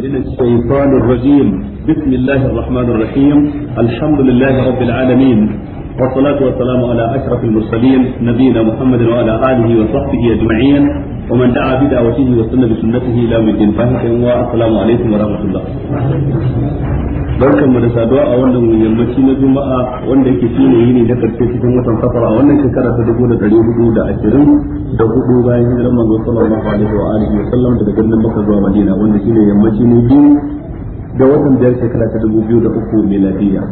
من الشيطان الرجيم بسم الله الرحمن الرحيم الحمد لله رب العالمين والصلاة والسلام على أشرف المرسلين نبينا محمد وعلى آله وصحبه أجمعين ومن دعا بدعوته وسن بسنته الى يوم الدين فهمتم والسلام عليكم ورحمه الله barkan mu da saduwa a wannan yammaci na juma'a wanda yake shi ne yini na karshe cikin watan safar a wannan shekara ta dubu da dari hudu da ashirin da hudu bayan hijiran manzo sallallahu alaihi wa alihi wa sallam daga birnin makka zuwa madina wanda shi ne yammaci ne biyu da watan biyar shekara ta dubu biyu da uku miladiya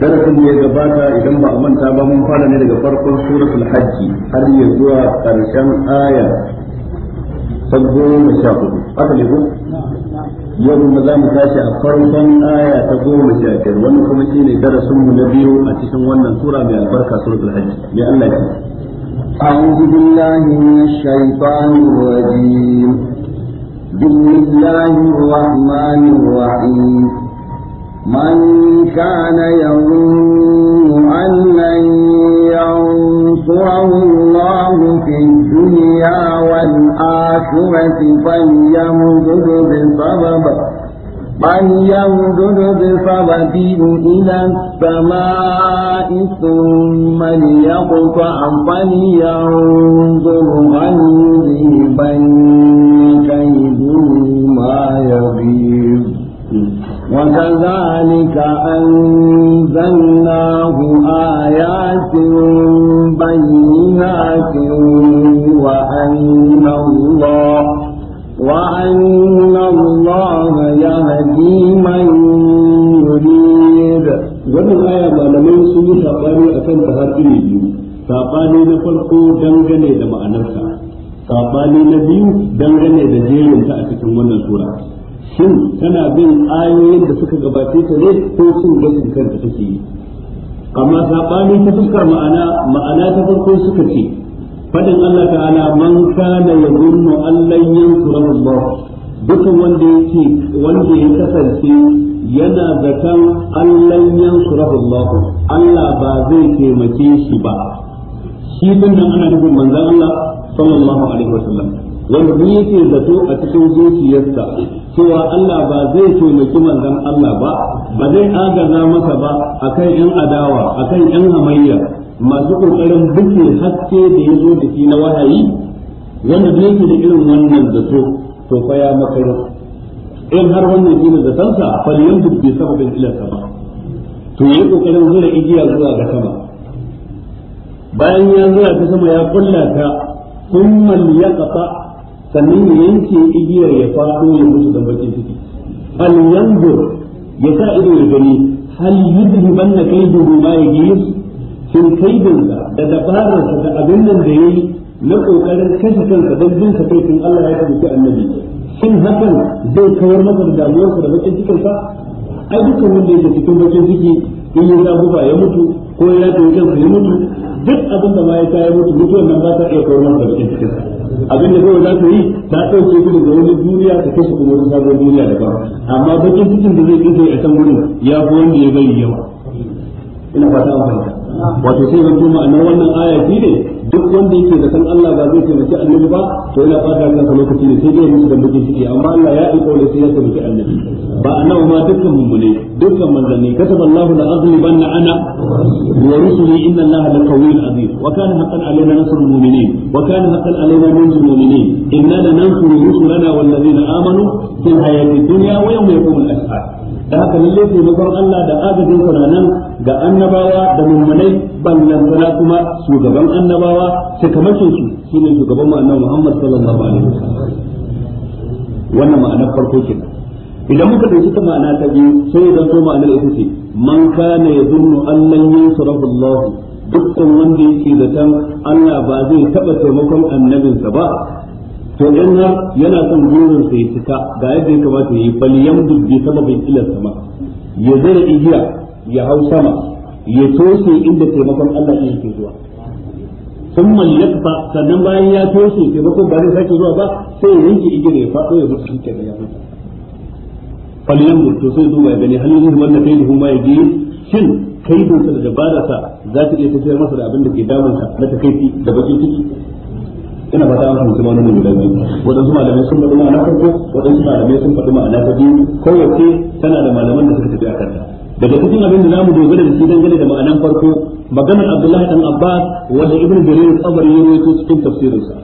darasin ya gabata idan ba a manta ba mun fara ne daga farkon suratul hajji har ya zuwa karshen aya ta goma sha hudu haka ne yau mu za mu tashi a farkon aya ta goma sha biyar wani kuma shine darasin mu na biyu a cikin wannan sura mai albarka suratul hajji ya Allah ya أعوذ بالله من الشيطان الرجيم بسم الله الرحمن الرحيم من كان يظن أن لن ينصره الله في الدنيا والآخرة فليمدد بسبب فليمدد بسبب إلى السماء ثم ليقطع فلينظر هل يذهبن كيده ما يغيظ وكذلك أنزلناه آيات بينات وأن الله وأن الله يهدي من يريد wannan aya malamai sun yi saɓani a kan har biyu saɓani na farko dangane da ma'anarsa sabani na biyu dangane da jerin ta a cikin wannan tura. shin tana bin ayoyin da suka gabace ta ne ko cin gashin kanta take yi amma sabani ta fuskar ma'ana ma'ana ta farko suka ce fadin Allah ta'ala man kana yadhunnu an lan Allah dukkan wanda yake wanda ya kasance yana zatan Allah yansurahu Allah Allah ba zai taimake shi ba shi din nan ana nufin manzon Allah sallallahu alaihi wasallam wanda duk yake zato a cikin zuciyarsa cewa Allah ba zai taimaki manzon Allah ba ba zai agaza masa ba akan yan adawa akan yan hamayya masu kokarin buke haske da ya zo da shi na wahayi wanda duk yake da irin wannan zato to fa ya makaro in har wannan shine zatansa fal yanzu bi sababin ila sama to yi kokarin zura igiya zuwa ga sama bayan ya zura ta sama ya kulla ta ثم ليقطع ya ya yanke igiyar ya faɗo ya mutu da bakin ciki hal yanzur ya sa ido ya gani hali yudhiban na kai dubu ma ya gis shin kaidinsa da dabararsa da abin nan da yayi na kokarin kashe kansa don jin sa kai tun Allah ya tabbata annabi shin hakan zai kawar masa da damuwarsa da bakin cikinsa ai dukkan wanda yake cikin bakin ciki in ya ya mutu ko ya tafi kansa ya mutu duk abin da ma ya kayi mutu mutuwan nan ba ta iya kawo masa cikin cikin abin da kawai za ta yi ta ɗauke gudu da wani duniya ta kashe kuma wani sabon duniya daban amma bakin cikin da zai kisa ya san gudun ya fi wanda ya bari yawa ina fata amfani wato sai zan tuma annan wannan aya ne duk wanda yake da san Allah ba zai taimaki annabi ba to yana fata kan sa lokaci ne sai dai musu da muke ciki amma Allah ya yi kaure sai ya taimaki annabi ba annabi ma dukkan mummune dukkan manzanni kataba Allah la aghlibanna ana wa rusuli inna Allah la qawiyyun aziz wa kana haqqan alaina nasrul mu'minin wa kana haqqan alaina nasrul mu'minin inna lanansuru rusulana wal ladina amanu fil hayati dunya wa yawma yaqumul ashhad da haka lalle taimakon Allah da agajin sa nan ga annabawa da mummunai sana kuma shugaban annabawa sai kamace su shine shugaban mu annabi Muhammad sallallahu alaihi wasallam wannan ma'anar farko kenan idan muka dauki ta ma'ana ta biyu sai zan so ma'anar ita ce man kana yadunnu allan yansurahu Allah dukkan wanda yake zaton Allah ba zai taba taimakon annabinsa ba to in har yana son burin sa ya cika ga yadda ya kamata yi bal yamdu bi sababin ila sama ya zara igiya ya hau sama ya toshe inda taimakon Allah ɗin ke zuwa sun mallaka sannan bayan ya toshe taimakon ba zai sake zuwa ba sai ya yanke igiya ya faɗo ya mutu shi ya mutu bal yamdu to sai duba ya gani halin yin na kai da huma ya ji shin kai da dabararsa za ta iya tafiyar masa da abin da ke damunsa na takaici da bakin ciki ina fata an fahimci ma'anoni guda biyu waɗansu malamai sun faɗi ma'ana farko waɗansu malamai sun faɗi ma'ana ta biyu kowace tana da malaman da suka tafi a kanta daga cikin abin da zamu dogara da shi dangane da ma'anan farko maganar Abdullahi dan Abbas wanda Ibn Jarir Tabari ya rawaito cikin tafsirinsa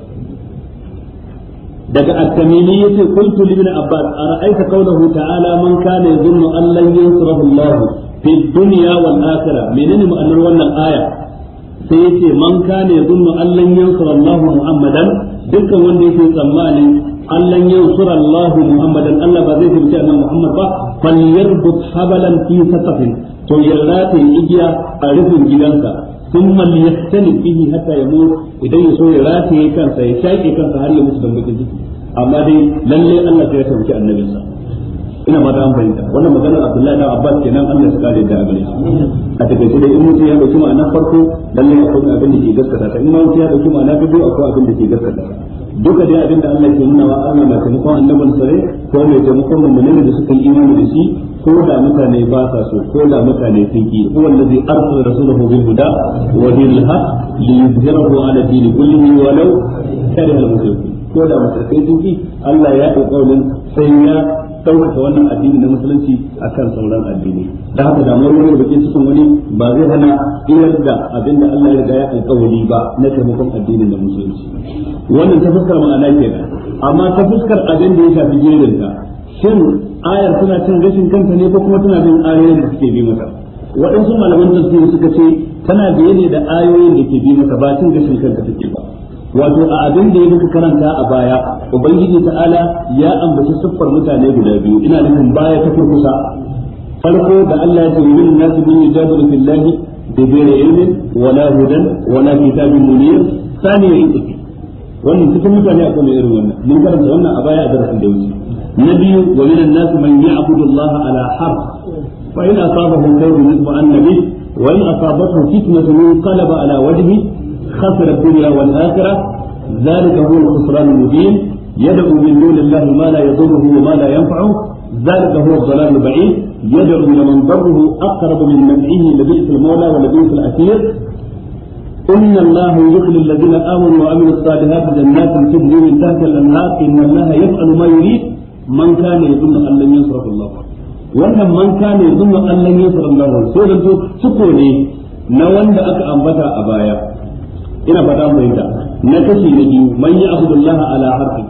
daga at-tamimi yace qultu li ibn abbas ara'aita qawluhu ta'ala man kana yadhunnu an lan yansurahu allah fi dunya wal akhirah menene ma'anar wannan aya sai yace man kana yadunnu allan yansura Allahu Muhammadan dukkan wanda yake tsammanin allan yansura Allahu Muhammadan Allah ba zai fita annabi Muhammad ba falyarbut habalan fi saqafin to yarda igiya a rufin gidansa thumma liyastanib bihi hatta yamut idan ya so ya rataye kansa ya shaƙe kansa har ya mutu dan bakin amma dai lalle Allah sai ya tabbata annabinsa ina ba da an fahimta wannan magana Abdullahi da Abbas ke nan Allah ya kare da gare shi a take takaice da in mutum ya dauki ma'ana farko lalle akwai abin da ke gaskata ta in mutum ya dauki ma'ana ta biyu akwai abin da ke gaskata duka dai abin da Allah ke nuna wa Allah mai taimakon annabin sare ko mai taimakon mummunan da suka yi imani da shi ko da mutane ba sa so ko da mutane sun ki huwa allazi arsala rasulahu bil huda wa dinil haq li yuzhirahu ala dini kullihi walau kare al-mushrikun ko da mushrikai sun ki Allah ya yi alƙawarin sai ya ɗaukaka wannan addini na musulunci akan sauran addini da haka da mun wani bakin cikin wani ba zai hana iyar da abin da Allah ya riga ya alƙawari ba na taimakon addinin na musulunci wannan ta fuskar ma'ana ke amma ta fuskar abin da ya shafi jerin ta shin ayar tana cin gashin kanta ne ko kuma tana bin ayoyin da suke bi mata waɗansu malaman tafsiri suka ce tana biye ne da ayoyin da ke bi mata ba cin rashin kanta take ba wato a abin da ya muka karanta a baya ubangiji ta'ala ya ambaci siffar mutane guda biyu ina nufin baya ta kurkusa farko da Allah ya ce min nasu bin yajadu billahi bi ghairi ilmin wala hudan wala kitabin munir sani ya yake wannan cikin mutane a mai irin wannan mun karanta wannan a baya a darasin da wuce na biyu wa min nasu man ya'budu Allah ala har. fa in asabahu khairun nisba annabi wa in asabathu fitnatun qalaba ala wajhi خسر الدنيا والآخرة ذلك هو الخسران المبين يدعو من دون الله ما لا يضره وما لا ينفعه ذلك هو الضلال البعيد يدعو لمن ضره أقرب من منعه لبئس المولى ولبئس الأسير إن الله يدخل الذين آمنوا وعملوا الصالحات جنات تجري من تحت الأنهار إن الله يفعل ما يريد من كان يظن أن لم ينصره الله wannan man kana ya zunna Allah ne sallallahu alaihi wasallam sai da su suko ne na wanda aka ambata a baya ina fata mu yinda na kashi na biyu man ya abdullahi ala yadda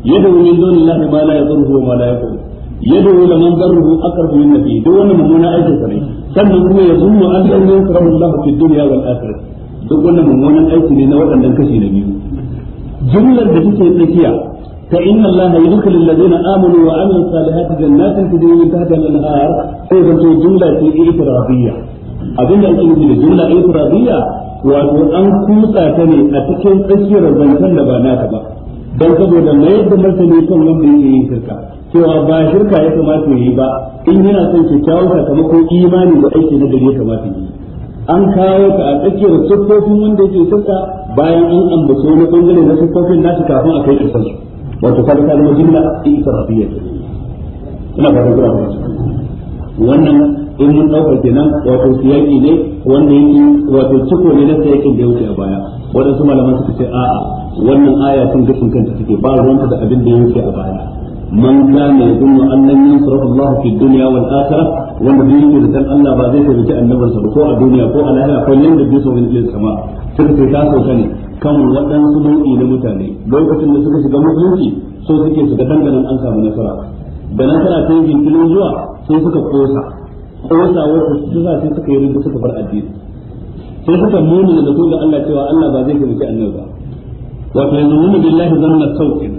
yadu dole na ma la yadurruhu wa ma la yaqul yadu la man darruhu aqrabu min nabi duk wannan mummuna aikin sa ne sannan kuma ya zunnu an dan yakrahu Allah fi dunya wal akhirah duk wannan mummunan aiki ne na waɗannan kashi na biyu jumlar da take tsakiya ta inna Allah yudkhilu alladhina amanu wa amilus salihati jannatin tajri min tahtiha al-anhar sai zanto jumla ce ikrariyya abinda ake nufi da jumla ikrariyya wato an kutsa ta ne a cikin tsakiyar zancen da ba naka ba don saboda mai yadda martani kan wanda yake yin shirka cewa ba shirka ya kamata yi ba in yana son kyakkyawan sakamakon imani da aiki na gari ya kamata yi an kawo ta a tsakiyar siffofin wanda yake shirka bayan an ambace wani bangare na siffofin nasu kafin a kai ƙarshen wato kada ta zama in sarrafiyar ina ba da gura wannan in mun dauka kenan wato siyaki ne wanda yake wato ciko ne na siyakin da ya wuce a baya waɗansu malaman suka ce a'a wannan aya sun sun kanta take ba ruwanta da abin da ya wuce a baya man kana yadunnu annan yansuru Allah fi dunya wal akhirah wanda bai yi dan Allah ba zai tabbata annabar sa ko a duniya ko a lahira ko da bai so wani sama suka sai ta sauka ne kan waɗansu nau'i na mutane lokacin da suka shiga musulunci so suke ga danganan an samu nasara da nasara ta yi filin zuwa sai suka kosa tsotsa wata su za sai suka yi rinda suka bar addini sai suka nuna da zato da Allah cewa Allah ba zai taimaki annabi ba wato yanzu nuna billahi na sauƙin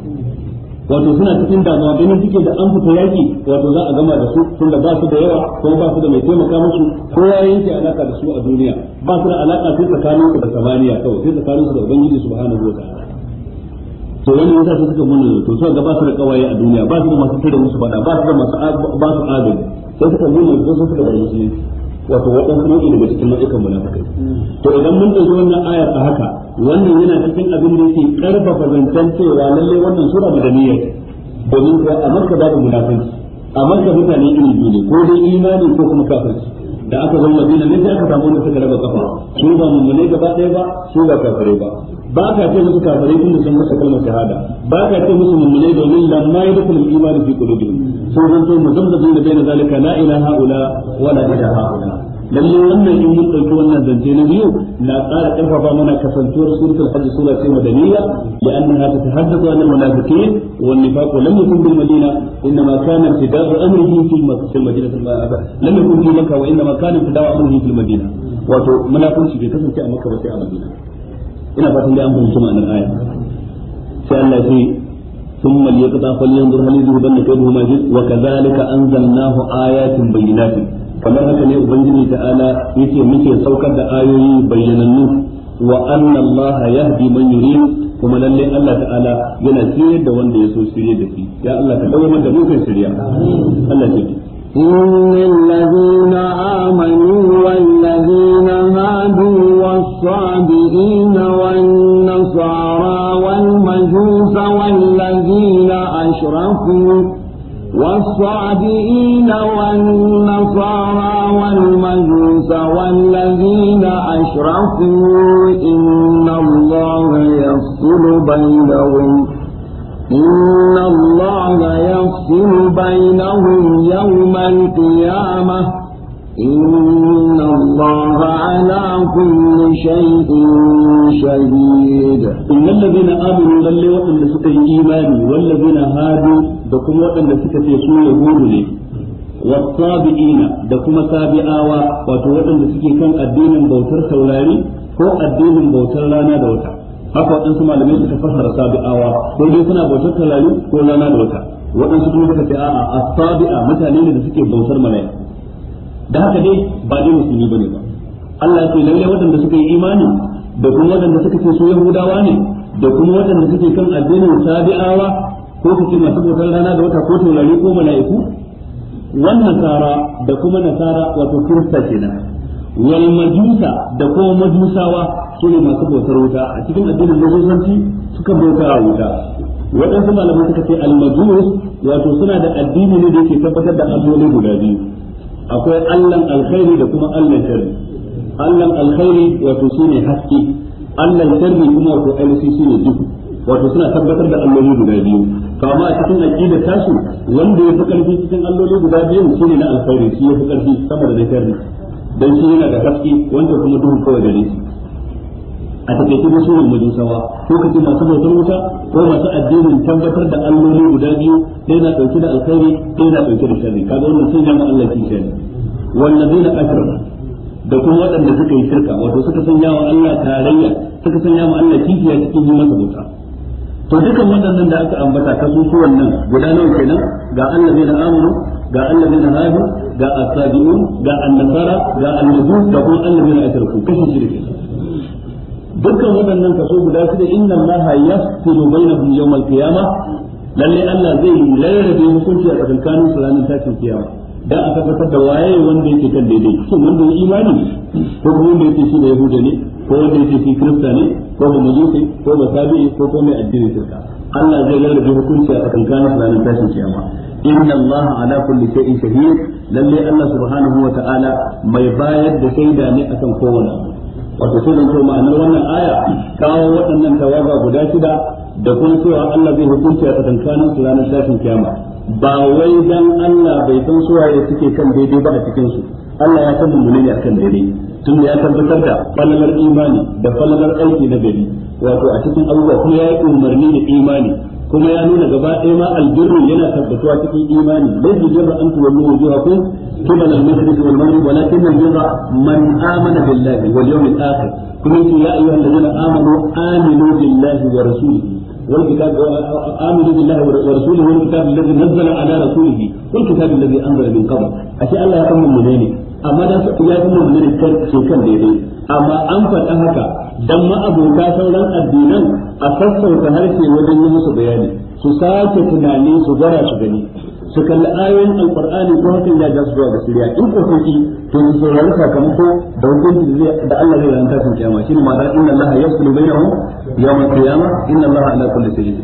wato suna cikin damuwa ganin suke da an fita yaki wato za a gama da su tunda ba su da yawa ko ba su da mai taimaka musu ko ya yanke alaƙa da su a duniya ba su da alaƙa sai tsakanin su da samaniya kawai sai tsakanin su da ubangiji subhanahu wa ta'ala to wani yasa su suka mun da to su ga ba su da kawaye a duniya ba su da masu tare musu fada ba su da masu ba su adali sai suka nuna da su suka bari musulunci wato waɗansu nau'i daga cikin nau'ikan munafikai to idan mun ɗauki wannan ayar a haka wannan yana cikin abin da yake karfafa zancen cewa lallai wannan sura madaniya domin kuwa a makka babu munafikai a makka mutane iri biyu ne ko dai imani ko kuma kafirci da aka zo madina ne sai aka samu wanda suka raba kafa su ba mummune gaba ɗaya ba su ba kafare ba ba ka ce musu kafare tun da sun masa kalmar shahada ba ka ce musu mummune domin lamma yadkhulul imani fi qulubihim sun zanto muzamzabin da baina zalika la ilaha ula wa la ilaha ula wannan in mun dauki wannan zance na biyu na ƙara ƙarfafa mana kasantuwar suratul hajj sura ce madaniya ya annaha tatahaddathu an al-munafiqin wan nifaq lam yakun bil madina inma kana tidadu amrihi fil madinah lam yakun fi makkah wa inma ta tidadu amrihi fil madinah wato munafiki bai kasance a makkah ba sai a madina ina fatan dai an fahimci ma'anar aya sai Allah ya ثم ليقطع فلينظر هل يذهبن كيده ما يجد وكذلك انزلناه ايات بينات kamar haka ne ubangiji ta'ala yake muke saukar da ayoyi bayyanannu wa anna allaha yahdi man yurid kuma lalle Allah ta'ala yana tsire da wanda ya so shirye da shi ya Allah ka dawo da mu kai shirya Allah ce إن الذين آمنوا والذين هادوا والصابئين nasara. يجوج والذين أشركوا والصابئين والنصارى والمجوس والذين أشركوا إن الله يفصل بينهم إن الله يفصل بينهم يوم القيامة إن الله على كل شيء شهيد إن الذين آمنوا للي وقت لسكة إيماني والذين هادوا دكم وقت لسكة يسوع يهودني والصابئين دكم سابئاوا وتوقت لسكة كان الدين بوتر سولاري هو الدين بوتر لانا دوتا haka waɗansu malamai suka fassara sabi'awa ko dai suna bautar talali ko rana da wata waɗansu kuma suka ce a'a as-sabi'a mutane ne da suke bautar mala'ika da haka dai ba dai musulmi ne ba Allah ya ce lalle waɗanda suka yi imani da kuma waɗanda suka ce su yahudawa ne da kuma waɗanda suke kan addinin sabi'awa ko su ce masu bautar rana da wata ko taurari ko mala'iku wannan tsara da kuma nasara wato kirista kenan wal majusa da kuma majusawa su ne masu bautar wuta a cikin addinin majusanci suka bauta wuta waɗansu malamai suka ce al majus wato suna da addini ne da yake tabbatar da azoli guda biyu akwai allan alkhairi da kuma allan sharri allan alkhairi wato shine haske allan sharri kuma wato ainihin shine duhu wato suna tabbatar da alloli guda biyu to a cikin aqida tasu wanda ya fi karfi cikin alloli guda biyu shine na alkhairi shi ya fi karfi sama da na sharri dan shi yana da haske wanda kuma duhu kawai da shi a takaice da sunan majusawa ko ka ce masu bautar wuta ko masu addinin tabbatar da alloli guda biyu ɗaya na ɗauke da alkhairi ɗaya na ɗauke da shari'a. kaga wannan sun yama Allah ki sharri wallazina asrafu da kuma waɗanda suka yi shirka wato suka sanya wa Allah tarayya suka sanya wa Allah kifiya cikin yi masa bauta to dukan waɗannan da aka ambata kasusuwan nan guda nawa kenan ga Allah allazina amuru ga Allah allazina hadu ga as ga an ga an da kuma Allah allazina asrafu kashi shirki dukkan waɗannan kaso guda su shida inna ya yafsilu bainahum yawmal qiyamah lalle Allah zai rarrabe hukunci a tsakanin su ranar tashin kiyama dan a tabbatar da waye wanda yake kan daidai shin wanda ya imani ko kuma wanda yake shi da yahuda ne ko wanda yake shi kirista ne ko ba majusi ko ba sabi'i ko ko mai addinin shirka Allah zai rarrabe hukunci a tsakanin su ranar tashin kiyama inna Allah ala kulli shay'in shahid lalle Allah subhanahu wa ta'ala mai bayar da shaida ne akan kowanne. wato sai zan ma'anar wannan aya kawo waɗannan tawaga guda shida da kuma cewa Allah zai hukunci a tsakankanin su ranar tashin kiyama ba wai dan Allah bai san waye suke kan daidai ba a cikin su Allah ya san mun ne akan daidai tun ya tabbatar da falalar imani da falalar aiki na gari wato a cikin abubuwa kuma ya yi umarni da imani kuma ya nuna gaba ɗaya ma albirru yana tabbatuwa cikin imani laifin jirra an tuwa mu wujuha kun da al-mashriq wani maghrib walakin al-jirra man amana billahi wal yawm akhir kuma yace ya ayyuhal ladina amanu aminu billahi wa rasulihi والكتاب آمنوا بالله ورسوله والكتاب الذي نزل على رسوله والكتاب الذي أنزل من Allah أشياء الله يكمل منين أما لا يكمل منين كان kan كان daidai amma an faɗa haka dan ma'abuta sauran addinan a sassauta harshe wajen yi musu bayani su sake tunani su gara su gani su kalli ayoyin alqur'ani ko hakan ya ga su zuwa ga siriya in ko sun to su saurari sakamako da hukunci da Allah zai ranta sun kiyama shine ma dan inna Allah yaslu bainahum yawm al-qiyamah inna Allah ala kulli shay'in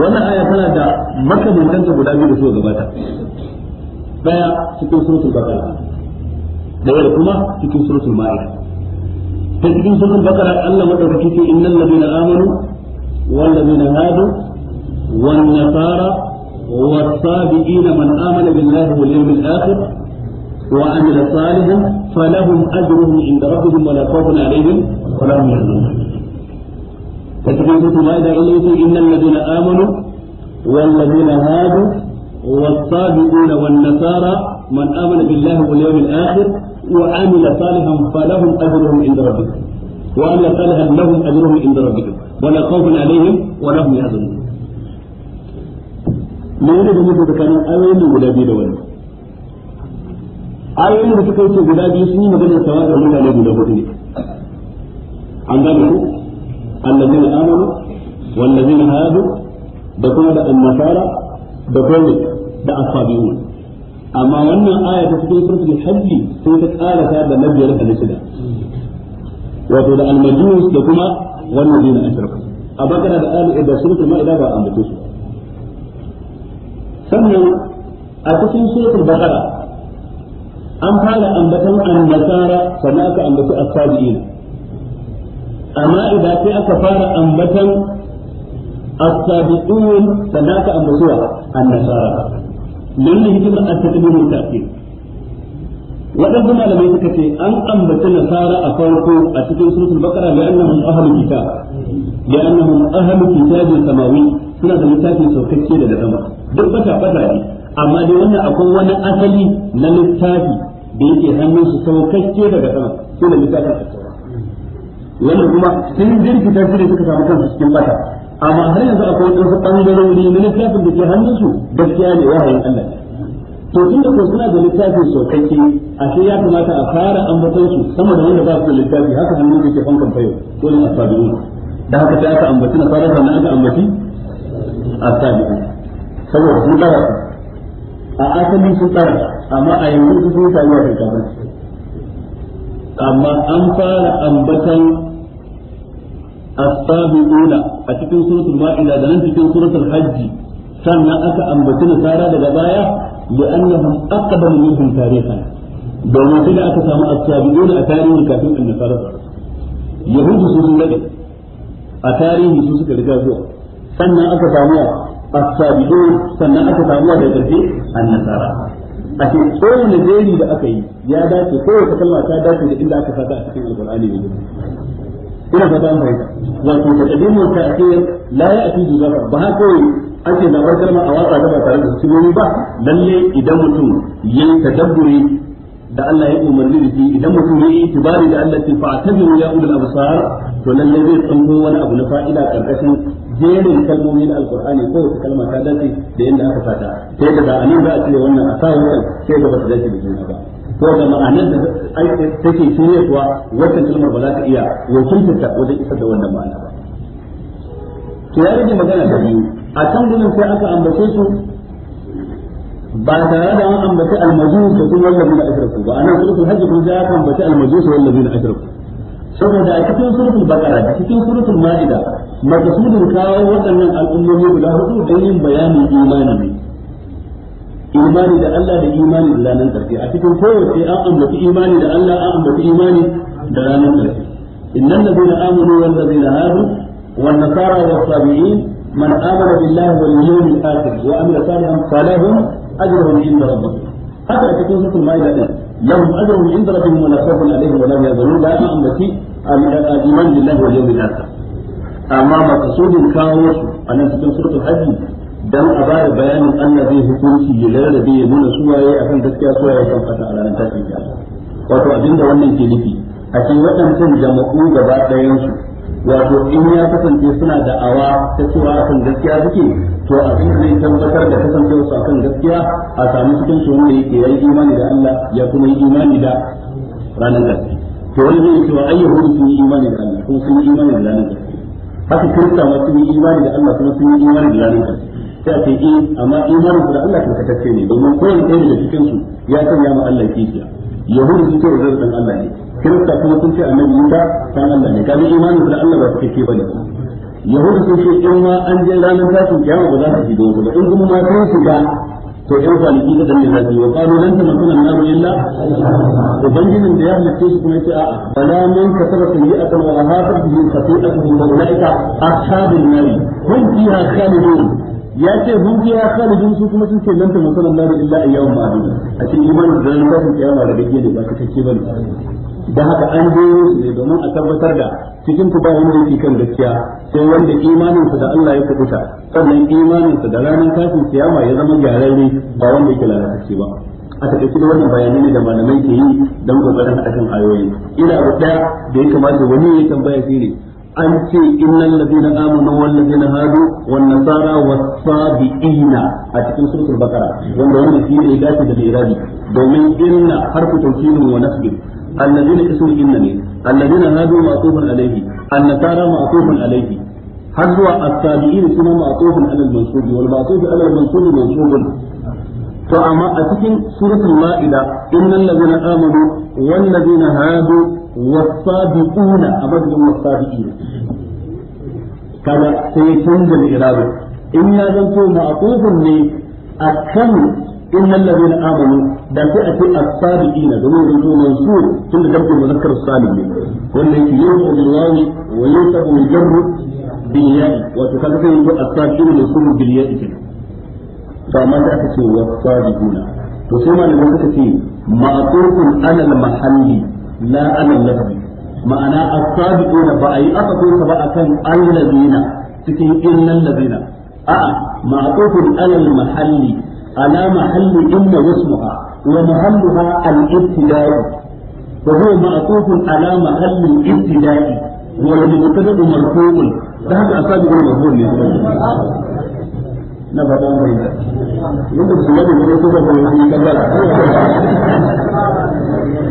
wannan aya tana da ta guda biyu da suka gabata daya cikin suratul baqara daya da kuma cikin suratul ma'ida ta سورة البقرة bakara Allah إن الذين آمنوا والذين هادوا والنصارى والصابئين من آمن بالله واليوم الآخر وعمل صالحا فلهم أجرهم عند ربهم ولا خوف عليهم ولا هم يحزنون فتكون إذا قلت إن الذين آمنوا والذين هادوا والصابئون والنصارى من آمن بالله واليوم الآخر وعمل صالحا فلهم أجرهم عند ربهم وعمل صالحا لهم أجرهم عند ربهم ولا خوف عليهم ولا هم يحزنون menene da muke tsakanin ayoyin nan guda biyu da wani ayoyin da suka wuce guda biyu sun yi maganar sama da mutane guda hudu ne an gane ku allazin amanu wallazin da kuma da da kuma da asabiyun amma wannan aya ta cikin suratul hajj sai ta karasa da nabiyar da shida wato da al-majus da kuma wannan dinin ashraku a bakara da ali da suratul ma'ida ba ambace su sannan a cikin suratul baqara an fara ambatan annasara sannan aka ambaci as-sabiina amma idan sai aka fara ambatan as-sabiqun sannan aka ambaci annasara من الهجر التقديم والتأخير waɗansu malamai suka ce an ambaci nasara a farko a cikin suratul baqara bi annahum ahlul kitab bi annahum ahlul kitab samawi suna da littafi saukakke daga sama duk bata bata ne amma dai wannan wani asali na littafi dake yake hannun su saukakke daga sama littafin wannan kuma suka samu kansu cikin bata amma har yanzu akwai wasu ɓangarori na littafin da ke hannunsu gaskiya ne wahayin Allah to da ko suna da littafi sosai ashe ya kamata a fara ambaton su sama da wanda ba su da littafi haka hannun da ke fankan fayo ko ne asabiun da haka sai aka ambaci na fara sannan aka ambaci A ne saboda sun tsara a asali sun tsara amma a yanzu sun a wa kamar amma an fara ambatan as-sabiquna a cikin suratul ma'ida da nan cikin suratul hajji sannan aka ambaci nasara daga baya li'annahum aqdam minhum tarihan domin sai aka samu as-sabiquna a tarihin kafin an-nasara yahudu su sun rage a tarihi su suka riga sannan aka sannan aka da a ce kowane jeri da aka yi ya dace kowace kalma ta dace da inda aka saka a cikin alqur'ani ne ina fata an fahimta wato taqdimu ta'khir la ya'ti bi zaka ba haka ake zabar kalma a watsa da ba tare da sigoyi ba lalle idan mutum yayin tadabburi da Allah ya umarni da shi idan mutum yayi tibari da Allah fa tabiru ya ulul absar to lalle zai tsango wani abu na fa'ida karkashin jerin kalmomi na alqur'ani ko wata kalma ta dace da yadda aka fata sai da anan za a cire wannan a sa wannan sai da ba ta dace da juna ba ko da ma'anar da take shirye kuwa wata kalmar ba za ta iya wakiltarta wajen isar da wannan ma'ana ba to ya rage magana ta biyu a can gudun sai aka ambace su ba tare da an ambaci almajus da kuma wallabi na ashirku ba anan suratul hajji kun ja aka ambaci almajus da wallabi na ashirku saboda a cikin suratul bakara da cikin suratul ma'ida makasudin kawo waɗannan al'ummomi guda hudu don yin bayanin imani ne imani da Allah da imani da ranar ƙarfi a cikin kowace an ambaci imani da Allah an ambaci imani da ranar ƙarfi innan ladina amanu wal ladina hadu wan nasara was sabiin man amana billahi wal yawmil akhir wa amila salihan falahum ajruhum inda rabbihim haka a cikin sura da din lahum ajruhum inda rabbihim wa la khawfun alaihim wa la hum yahzanun da an ambaci al-iman billahi wal yawmil akhir amma maqsudin kawo su a nan cikin suratul hajj dan a bada bayanin Allah zai hukunci ya rarrabe ya nuna suwaye akan gaskiya suwaye kan fata a ranar tashin kiyama wato abinda wannan ke nufi a cikin waɗancan jama'u gaba ɗayansu, wato in ya kasance suna da awa ta cewa akan gaskiya suke to abin zai tabbatar da kasancewa su akan gaskiya a sami cikin su wanda yake yi imani da Allah ya kuma yi imani da ranar gaske to wani zai cewa ai yahudu sun yi imani da Allah kuma sun yi imani da ranar gaske haka kirista ma sun yi imani da Allah kuma sun yi imani da ranar gaske sai a ce eh amma imanin su da Allah karkatacce ne domin kowane ɗaya daga cikin su ya sanya ma Allah kishiya yahudu su ce uzairu dan Allah ne kirista kuma sun ce annabi Musa dan Allah ne kaga imanin su da Allah ba su ba ne yahudu sun ce in ma an je ranar tashin kiyama ba za su shiga ba in kuma ma sun shiga to ɗan kwanaki da dan da zai wa qalu lan tamasuna an-nar illa ubangijin da ya halitta su kuma yace a bala man kasaba sayyi'atan wa ahata bihi khati'atan wa ulaika ashabun nar hum fiha khalidun ya ce hun biya khalidun su kuma sun ce nan ta musallan da illa a yawan ma'adu a cikin imanin da ran kafin kiyama da da ba kake bane da haka an biyo ne domin a tabbatar da cikin ku ba wani yake kan gaskiya sai wanda imaninsa da Allah ya kubuta sannan imaninsa da ranar kafin kiyama ya zama gyararre ba wanda yake lalatacce ba a takaice da wannan bayanai ne da malamai ke yi don gobarin haɗa kan ayoyi ina abu ɗaya da ya kamata wani ya tambaya shi ne an ce innal ladina amanu wal ladina hadu wan nasara was sabiina a cikin suratul baqara wanda wannan shi ne dace da irabi domin inna harfu tawkilin wa nasbin alladina ismu inna ne alladina hadu ma'tufun alayhi annasara ma'tufun alayhi har zuwa as-sabiina kuma ma'tufun alal mansubi wal ma'tuf alal mansubi mansubun to amma a cikin suratul ma'ida innal ladina amanu wal ladina hadu والصادقون أبدا والصادقين كما سيكون بالإرادة na يزنتوا معطوف لي أكثر إن الذين آمنوا da sai a ce as-sabiqin domin yanzu mansur tun da dabbu muzakkar salih wanda yake yau bil wa yusabu bil jarr bil ya'i wato kaga sai yanzu as-sabiqin ne sun bil ya'i kenan to amma sai aka ce was-sabiquna to sai malamin suka ce ma'tufun ala al-mahalli la alal ma'ana as-sabiquna ba ayi asafin ba akan allazina cikin innal ladina a'a ma'qufun alal mahalli ala mahalli inna wasmuha wa mahalluha al-ibtida'i wa huwa ma'qufun ala mahalli al-ibtida'i wa al-mubtada' marfu'un da haka as-sabiquna marfu'un ne na baban da wani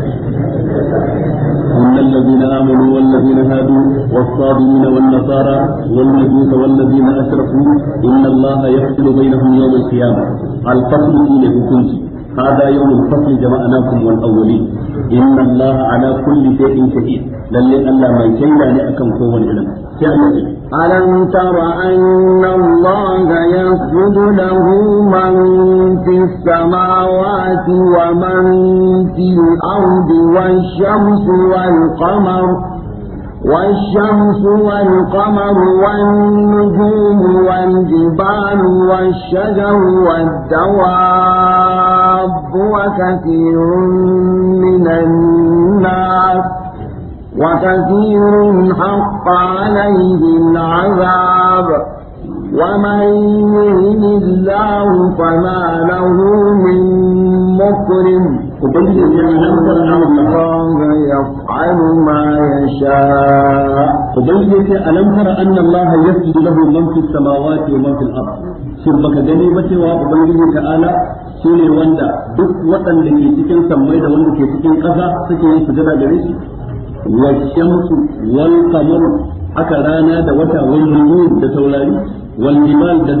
إن الذين آمنوا والذين هادوا والصابرين والنصارى والمجوس والذين أشركوا إن الله يفصل بينهم يوم القيامة الفصل في الحكم هذا يوم الفصل جمعناكم والأولين إن الله على كل شيء شهيد للي ألا من شيء لأكم قوة العلم ألم تر أن الله يسجد له من في السماوات ومن في الأرض والشمس والقمر والشمس والقمر والنجوم والجبال والشجر والدواب وكثير من الناس وكثير حق عليه العذاب ومن يهن الله فما له من مكرم الله يقول يفعل ما يشاء وبنجد ألم تر أن الله يسجد له من في السماوات ومن في الأرض shin baka gani ba cewa ubangiji ta'ala shi wanda duk waɗanda ke cikin sammai da wanda ke cikin ƙasa suke yin sujada gare shi wa shamsu aka rana da wata wal nur da taurari wal da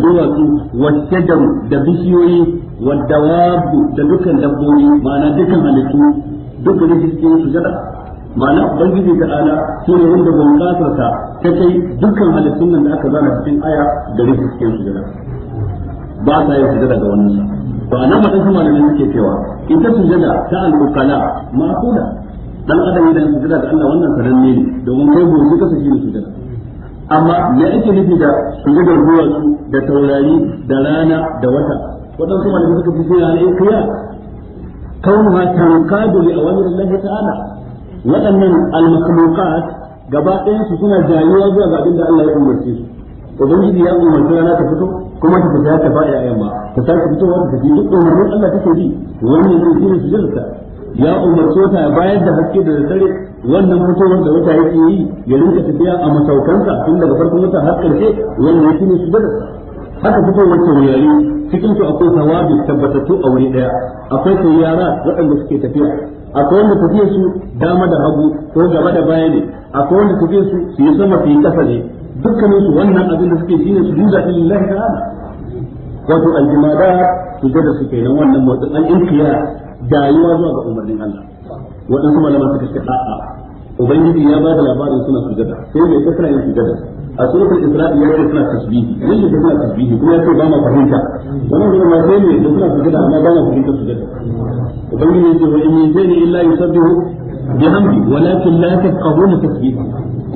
wa da bishiyoyi wa da dukkan ma'ana dukkan halittu ma'ana ubangiji ga ala shi ne wanda bunƙasar ta ta kai dukkan halittun nan da aka zana cikin aya da rufe cikin sujada ba sa yin sujada ga wannan sa to anan madan kuma da suke cewa ita sujada ta al-uqala ma'qula dan adam idan sujada ga Allah wannan sananne ne domin kai gobe ka saki ne sujada amma me ake nufi da sujadar duwatsu da taurari da rana da wata waɗansu malamai suka fi suna ne kiya kaunuha tankadu li awamirillahi ta'ala waɗannan al-makhluqat gaba ɗayan su suna jayuwa zuwa ga abinda Allah ya umarce su ubangiji ya umarce rana ta fito kuma ta fita ta faɗi a yamma ta sake fitowa ta tafi duk umarnin Allah take bi wannan ne shine sujudta ya umarce ta bayar da haske da dare wannan mutuwar da wata yake yi ya rinka tafiya a masaukansa tun daga farkon wata har ƙarshe wannan shine sujudta haka fitowar taurari cikin su akwai tawabi tabbatattu a wuri ɗaya akwai taurara waɗanda suke tafiya akwai wanda tafiye su dama da hagu ko gaba da baya ne akwai wanda tafiye su su yi sama su yi kasa ne dukkanin su wannan abin da suke shine su duza lillahi ta'ala wato aljimada su da suke nan wannan motsin an inkiya dayuwa zuwa ga umarnin Allah waɗansu malaman suka ce a'a ubangiji ya ba da labarin suna sujada sai ne kasra yin sujada a sunan isra'i ya ce suna tasbihi yin da suna tasbihi kuma ya ce ba ma fahimta wannan gurin ma sai ne da suna sujada amma ba ma fahimta sujada ubangiji ya ce wa in yajini illa yusabbihu bihamdi walakin la tafqahuna tasbihi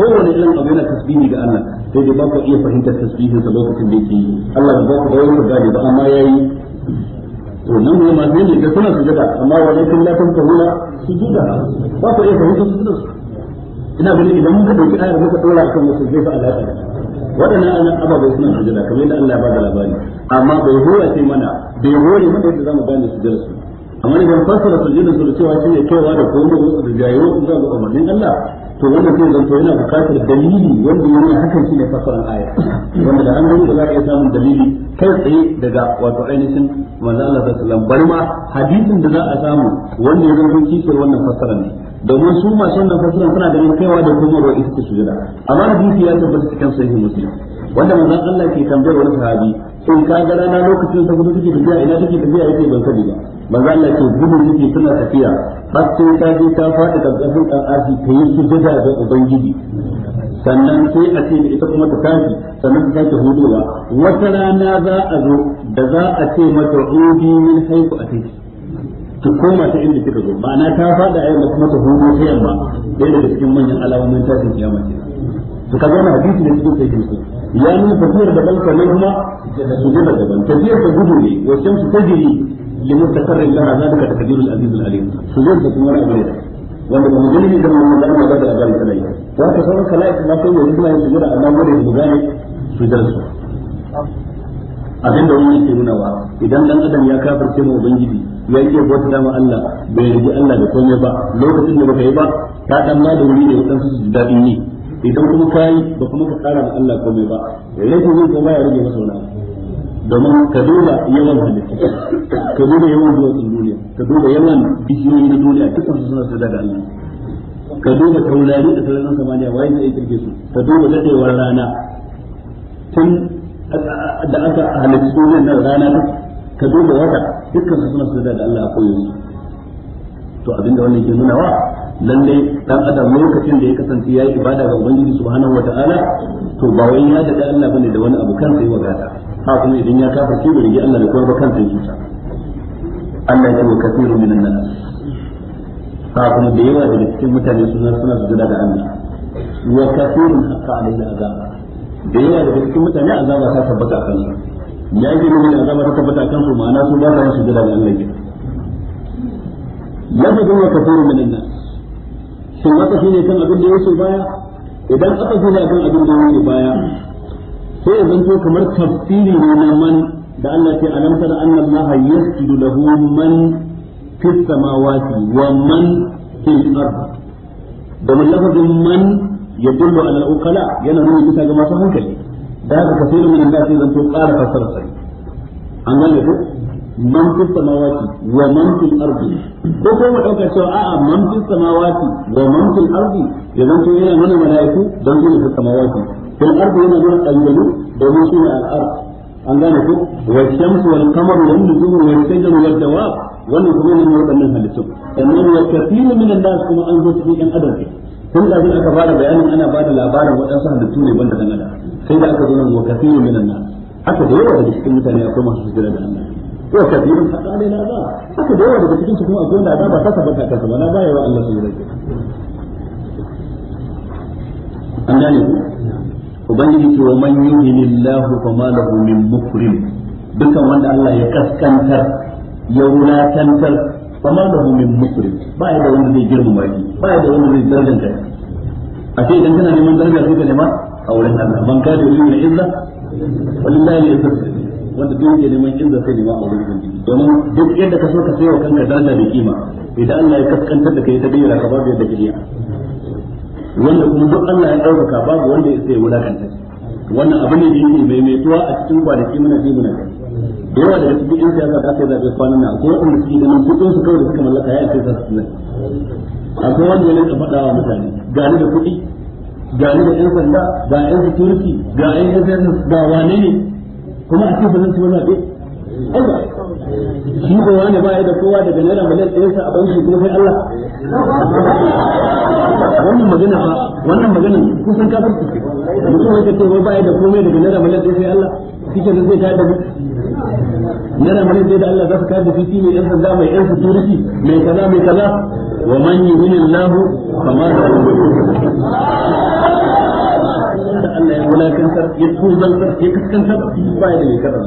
kowane irin abu yana tasbihi ga Allah sai dai ba ku iya fahimtar tasbihin sa lokacin da yake Allah ba ku dawo da gane ba amma yayi to nan ne ma sai ne da suna sujada amma walakin la tafqahuna sujuda ba ku iya fahimtar sujada ina ganin idan muka dauki ayar muka dora akan wasu zai fa alaƙa da waɗannan ababai suna sujada kamar yadda Allah ya bada labari amma bai hora ce mana bai hore mana yadda zamu gane sujada su amma ne ban fassara sujada su da cewa shine kaiwa da komo da jayo in za mu umarnin Allah to wanda zai zanto yana bukatar dalili wanda ya nuna hakan shine fassarar aya wanda da an gani da za a iya samun dalili kai tsaye daga wato ainihin manzo Allah sallallahu alaihi wasallam bari ma hadisin da za a samu wanda ya zanto kishir wannan fassarar ne domin su masu wannan fasira suna ganin kaiwa da kuma komowa ita ce sujada amma hadisi ya tabbata cikin sahih muslim wanda manzon Allah ke tambayar wani sahabi in ka ga rana lokacin ta gudu take tafiya ina take tafiya yake ban sani ba manzon Allah ke gudu take tana tafiya har sai ta je ta faɗi karkashin dan ashi ta yi sujada ga ubangiji sannan sai a ce ita kuma ta tashi sannan ta sake hudowa wata rana za a zo da za a ce mata ubi min haiku a take ta koma ta inda kika zo ma'ana ta fada yamma kuma ta homo ta yamma ɗaya daga cikin manyan alamomin tashin kiyama ke to kaga wannan hadisi ne cikin sai su. ya nuna tafiyar da balka ne kuma da su gaba daban tafiyar ta gudu ne wajen su tajiri limustaqarrin laha zalika taqdirul aziz al alim su zai da kuma wani abu ne wanda ba mu gani da mun da Allah da Allah ta lai to haka sauran kala'i ma sai ne kuma yin sujud amma gore mu su sujud su abin da wani ke nuna wa idan dan adam ya kafirce mu ubangiji ya ke bauta Allah bai rigi Allah da komai ba lokacin da baka yi ba ka dan ma da wuri ne su idan kuma kai ba kuma ka tsara da Allah komai ba rashin yin ya rage masa domin ka duba yawan halittu ka duba yawan duwatsun duniya ka duba yawan bishiyoyi na duniya su suna da Allah ka duba taurari da sararin samaniya ya su ka duba rana tun da aka halittu rana ka duba wata dukkan su suna sujada da Allah a koyon su to abinda wannan ke nuna wa lalle dan adam lokacin da ya kasance yayi ibada ga ubangiji subhanahu wataala to ba wai ya da Allah bane da wani abu kansa yayi wadata ha kuma idan ya kafa shi bai Allah da kuma ba sai yake ta Allah ya ce kasiru minan nas ha kuma da yawa daga cikin mutane suna suna sujada da Allah wa kasirun haqa alaihi azaba da yawa daga cikin mutane azaba ta tabbata a kansa ya yi nuna azaba ta tabbata kan su ma'ana su ba sa yin sujada ga Allah ke lafazin wa kafiru min nan shin aka shi ne kan abin da ya wuce baya idan aka shi ne kan abin da ya wuce baya sai ya zanto kamar tafsiri ne na man da Allah ke alam tara anna Allah yasjudu lahu man fis samawati wa man fil ard domin lafazin man ya dullu ala uqala yana nuna bisa ga masu hankali da haka kafiru min annas sai zan to ƙara fasara sai an gane ko man fi samawati wa man fi ardi ko ko mu dauka cewa a'a man fi wa man fi ardi ya zan to yana mana mala'iku dan gune fi samawati fil ardi yana mana domin an gane ko wa shamsu wal qamaru wan nujumu wal shajara wad dawab wannan kuma ne wadannan halittun annabi wa kafiru min annas kuma an zo cikin adam tun da zai aka fara bayanin ana ba da labarin waɗansu halittu ne banda dan adam sai da aka zo nan wa kafirun minan nan. aka da yawa daga cikin mutane akwai masu hijira da Allah wa kafirun hadale na ba aka da yawa daga cikin su kuma akwai wanda ba ta sabata ta sabana ba yawa Allah su rage an gane ku ubangiji ce wa man yuhinillahu fama lahu min mukrim dukan wanda Allah ya kaskantar ya wulatantar amma da mu min mukrim ba ya da wanda zai girma shi ba ya da wanda zai darajar kai a ce idan kana neman darajar ka ne ma a wurin Allah man ka da wani izza wallahi ya tsaka wanda duk yake neman izza sai ma a wurin Allah domin duk yadda ka so ka sayo kanka daraja da kima idan Allah ya kaskantar da kai ta gayyara ka da yadda kike wanda kuma duk Allah ya dauka babu wanda ya sai wulakanta wannan abin ne da yake tuwa a cikin kwanaki muna ji muna kai da yawa daga cikin yan siyasa da aka yi zaɓe kwanan nan akwai wanda suke ganin kuɗin su kawai da suka mallaka ya kai sa su nan akwai wanda ya rinka faɗa wa mutane gani da kuɗi gani da yan sanda ga yan security ga yan yan siyasa ga wane ne kuma a cikin sanin su zaɓe Allah shi ko wani ba ya da kowa daga naira miliyan ɗaya sa a banki kuma sai Allah wannan magana ba wannan magana kusan kafin su mutum ya ce wai ba ya da komai daga naira miliyan ɗaya sai Allah cikin nan zai kayar da mu yana mana sai da Allah za su kayar da fiti mai yan sanda mai yan security mai kaza mai kaza wa man yuhin Allah kama da Allah ya wulakantar ya tuzantar ya kaskantar ba ya da mai kaza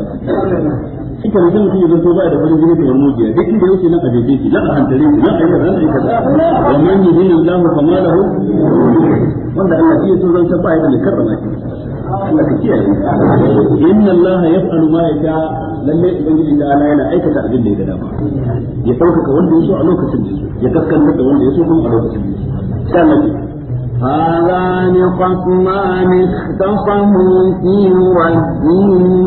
suka rufe mutum ya zanto ba da farin jini kamar mujiya duk inda yake nan a jefe shi a hantare shi nan a yi kama zan ba da karrama shi Allah ka kiyaye da Allah wanda a lokacin da ya kaskanta da wanda kuma a lokacin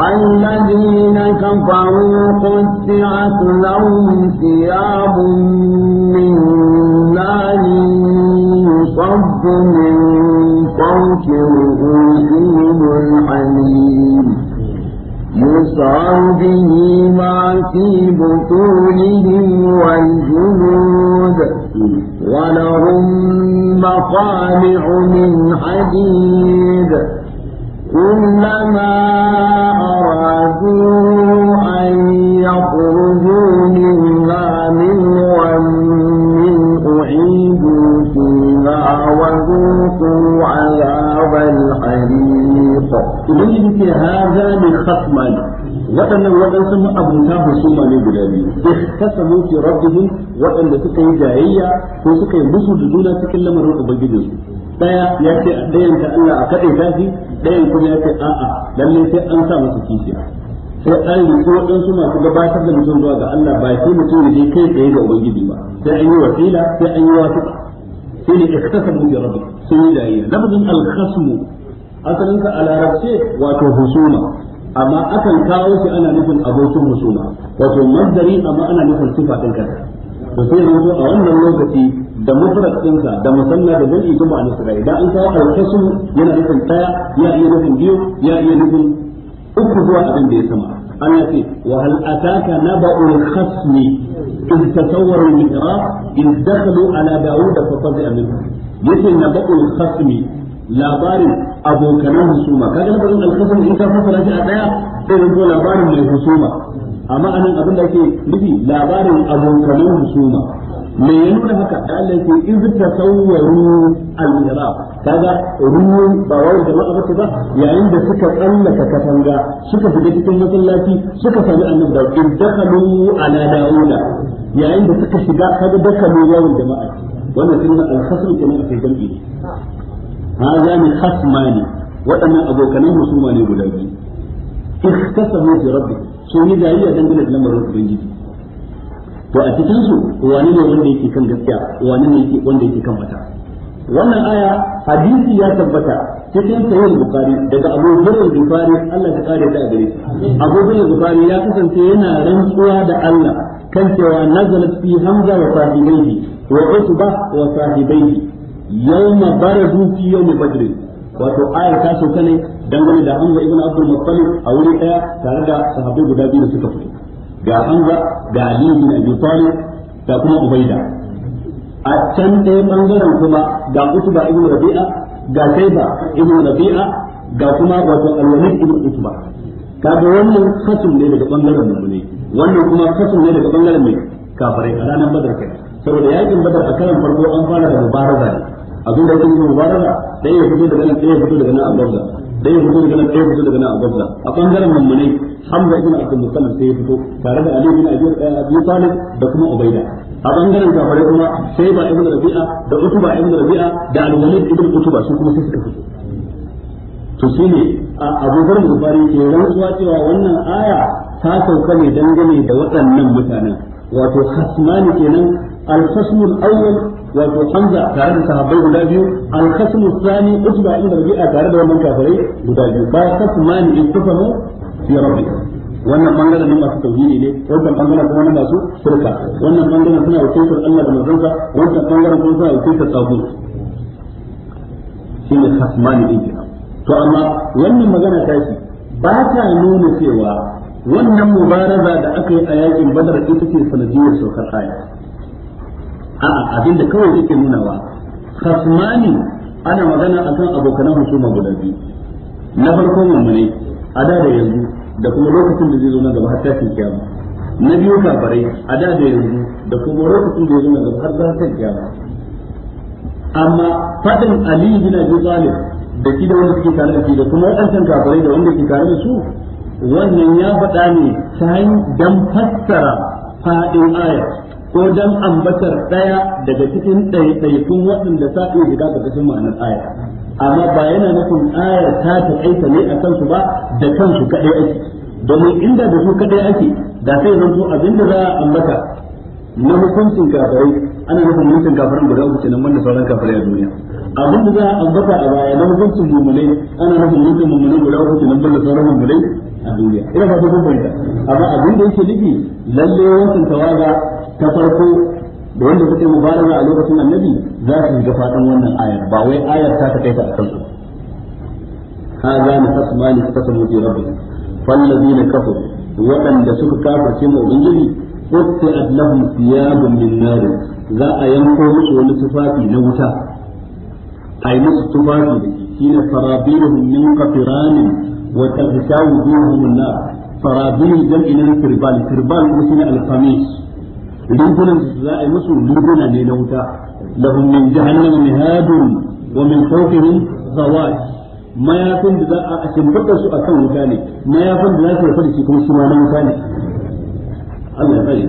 الذين كفروا قطعت لهم ثياب من نار يصب من فوق رؤوسهم الحميم يسعر به ما في بطونهم والجنود ولهم مقامع من حديد كلما أرادوا أن يخرجوا منها من غم أعيدوا فيها وذوقوا عذاب الحريق. هذا من خصمين waɗannan waɗansu ma'abuta husuma ne guda biyu ihtasamu fi rabbihim waɗanda suka yi jayayya ko suka yi musu da juna cikin lamarin ubangiji su. daya ya ce a ɗayan ta Allah a kaɗai zafi. ɗayan kuma ya ce a'a lalle sai an sa masa kishiya sai an rike waɗansu masu gabatar da mutum zuwa ga Allah ba sai mutum ya je kai tsaye ga ubangiji ba sai an yi wasila sai an yi wasu sai ne ihtasamu fi rabbihim sun yi jayayya lafazin al-khasmu asalinsa a larabce wato husuma amma akan kawo shi ana nufin abokin husuma wato mazdari amma ana nufin sifa din kada. to sai yanzu a wannan lokaci da mufrad ɗinsa da musanna da jam'i duk ba a nufin idan an kawo alkasu yana nufin ɗaya ya iya nufin biyu ya iya nufin uku zuwa abin da ya sama Allah ce wa hal ataka naba'ul khasmi in tasawwaru al-mihrab in dakhalu ala da'ud fa fazi'a minhu yace naba'ul khasmi labarin abokanan husuma kaga labarin alkasam in ka fassara shi a daya sai zanto labarin mai husuma amma anan abin da ake nufi labarin abokanan husuma me ya nuna haka da Allah ke in zuta sauwaru al-mihrab kaga ruwan ba wai jama'a ba ba yayin da suka tsallaka katanga suka shiga cikin masallaci suka sami annabi da in dakalu ala dauda yayin da suka shiga kaga dakalu yawon jama'a wannan sunan al-khasr kenan a kai jam'i هذا من خصمان وأنا أبو كنان مسلمان يقول اختصموا في ربك سوني جاية دنجل لما رب بنجي to a cikin su wani ne wanda yake kan gaskiya wani ne yake wanda yake kan mata wannan aya hadisi ya tabbata cikin sahih bukhari daga Abu Bakar Bukhari Allah ya kare da gare Abu Bakar Bukhari ya kasance yana rantsuwa da Allah kan cewa nazalat fi hamza wa sahibaihi wa utba wa sahibaihi yawma baradu fi yawmi badrin wato ayar ta sauka ne dangane da Hamza ibn Abdul Muttalib a wuri daya tare da sahabbai guda biyu da suka fito ga Hamza ga Ali ibn Abi Talib da kuma Ubaida a can ɗaya bangaren kuma ga Utba ibn Rabi'a ga Kaiba ibn Rabi'a ga kuma wato Al-Walid ibn Utba kaga wannan kasum ne daga bangaren mu wannan kuma kasum ne daga bangaren mai kafirai a ranar Badar kai saboda yakin Badar a karan farko an fara da mubaraza ne abin da yake cikin mubaraka dai ya fito daga nan dai ya fito daga nan abdullah dai ya fito daga nan dai ya fito daga nan abdullah a bangaren mammanai hamza ibn abdul muttalib sai ya fito tare da ali ibn eh, abi talib da kuma ubaida a bangaren kafirai kuma sai ba ibn rabi'a da utuba ibn rabi'a da al-walid ibn utuba su kuma sai suka fito to shine abubakar bukari ke rantsuwa cewa wannan aya ta sauka ne dangane da waɗannan mutanen wato hasmani kenan al-khasmul awwal wato hamza tare da sahabbai guda biyu al khasmu thani utba ibn rabi'a tare da wannan kafirai guda biyu ba khasmani istafamu fi rabbi wannan bangaren na masu tauhidi ne wannan bangaren kuma na masu shirka wannan bangaren suna wakiltar Allah da manzonsa wannan bangaren kuma suna wakiltar tsabu shi ne khasmani din kenan to amma wannan magana ta shi ba ta nuna cewa wannan mubaraza da aka yi a yakin badar ita ce sanadiyar saukar aya a'a abin da kawai yake nunawa khasmani ana magana akan abokan hukuma guda biyu na farko mummune a da da yanzu da kuma lokacin da zai zo nan gaba har tashin kiyama na biyu kafare a da da yanzu da kuma lokacin da zai zo nan gaba har tashin kiyama amma fadin ali bin abi talib da shi da wanda suke tare da shi da kuma wadancan kafare da wanda ke tare da su wannan ya faɗa ne ta dan fassara fadin ayat ko dan ambatar daya daga cikin ɗaiɗaikun waɗanda sa iya shiga ƙarƙashin ma'anar aya amma ba yana nufin ayar ta taƙaita ne a kansu ba da kansu kaɗai ake domin inda da su kaɗai ake da sai zanto abin da za a ambata na hukuncin kafirai ana nufin mutum kafirin guda uku kenan wanda sauran kafirai a duniya abin da za a ambata a baya na hukuncin mummunai ana nufin mutum mummunai guda uku kenan wanda sauran mummunai a duniya ina ba ta kun fahimta amma abin da yake nufi lalle wancan tawaga ta farko da wanda suka yi a lokacin annabi za su shiga fadin wannan ayar ba wai ayar ta ta kai ta akan su hadha nasmani tasamu bi rabbihim fallazina kafaru waɗanda suka kafirce mu ubangiji qutti'at lahum thiyabun min nar za a yanko musu wani tufafi na wuta ai musu tufafi da shine farabiluhum min qatiranin wa tadhshawu wujuhum an-nar farabil jam'in al-kirbal kuma shine al-qamis rigunan da za a yi musu riguna ne na wuta lahum min jahannama mihadun wa min fawqihim zawaj mayafin da za a shimfiɗa su akan wuta ne mayafin da za su rufe da shi kuma shi ma na wuta ne Allah ya bari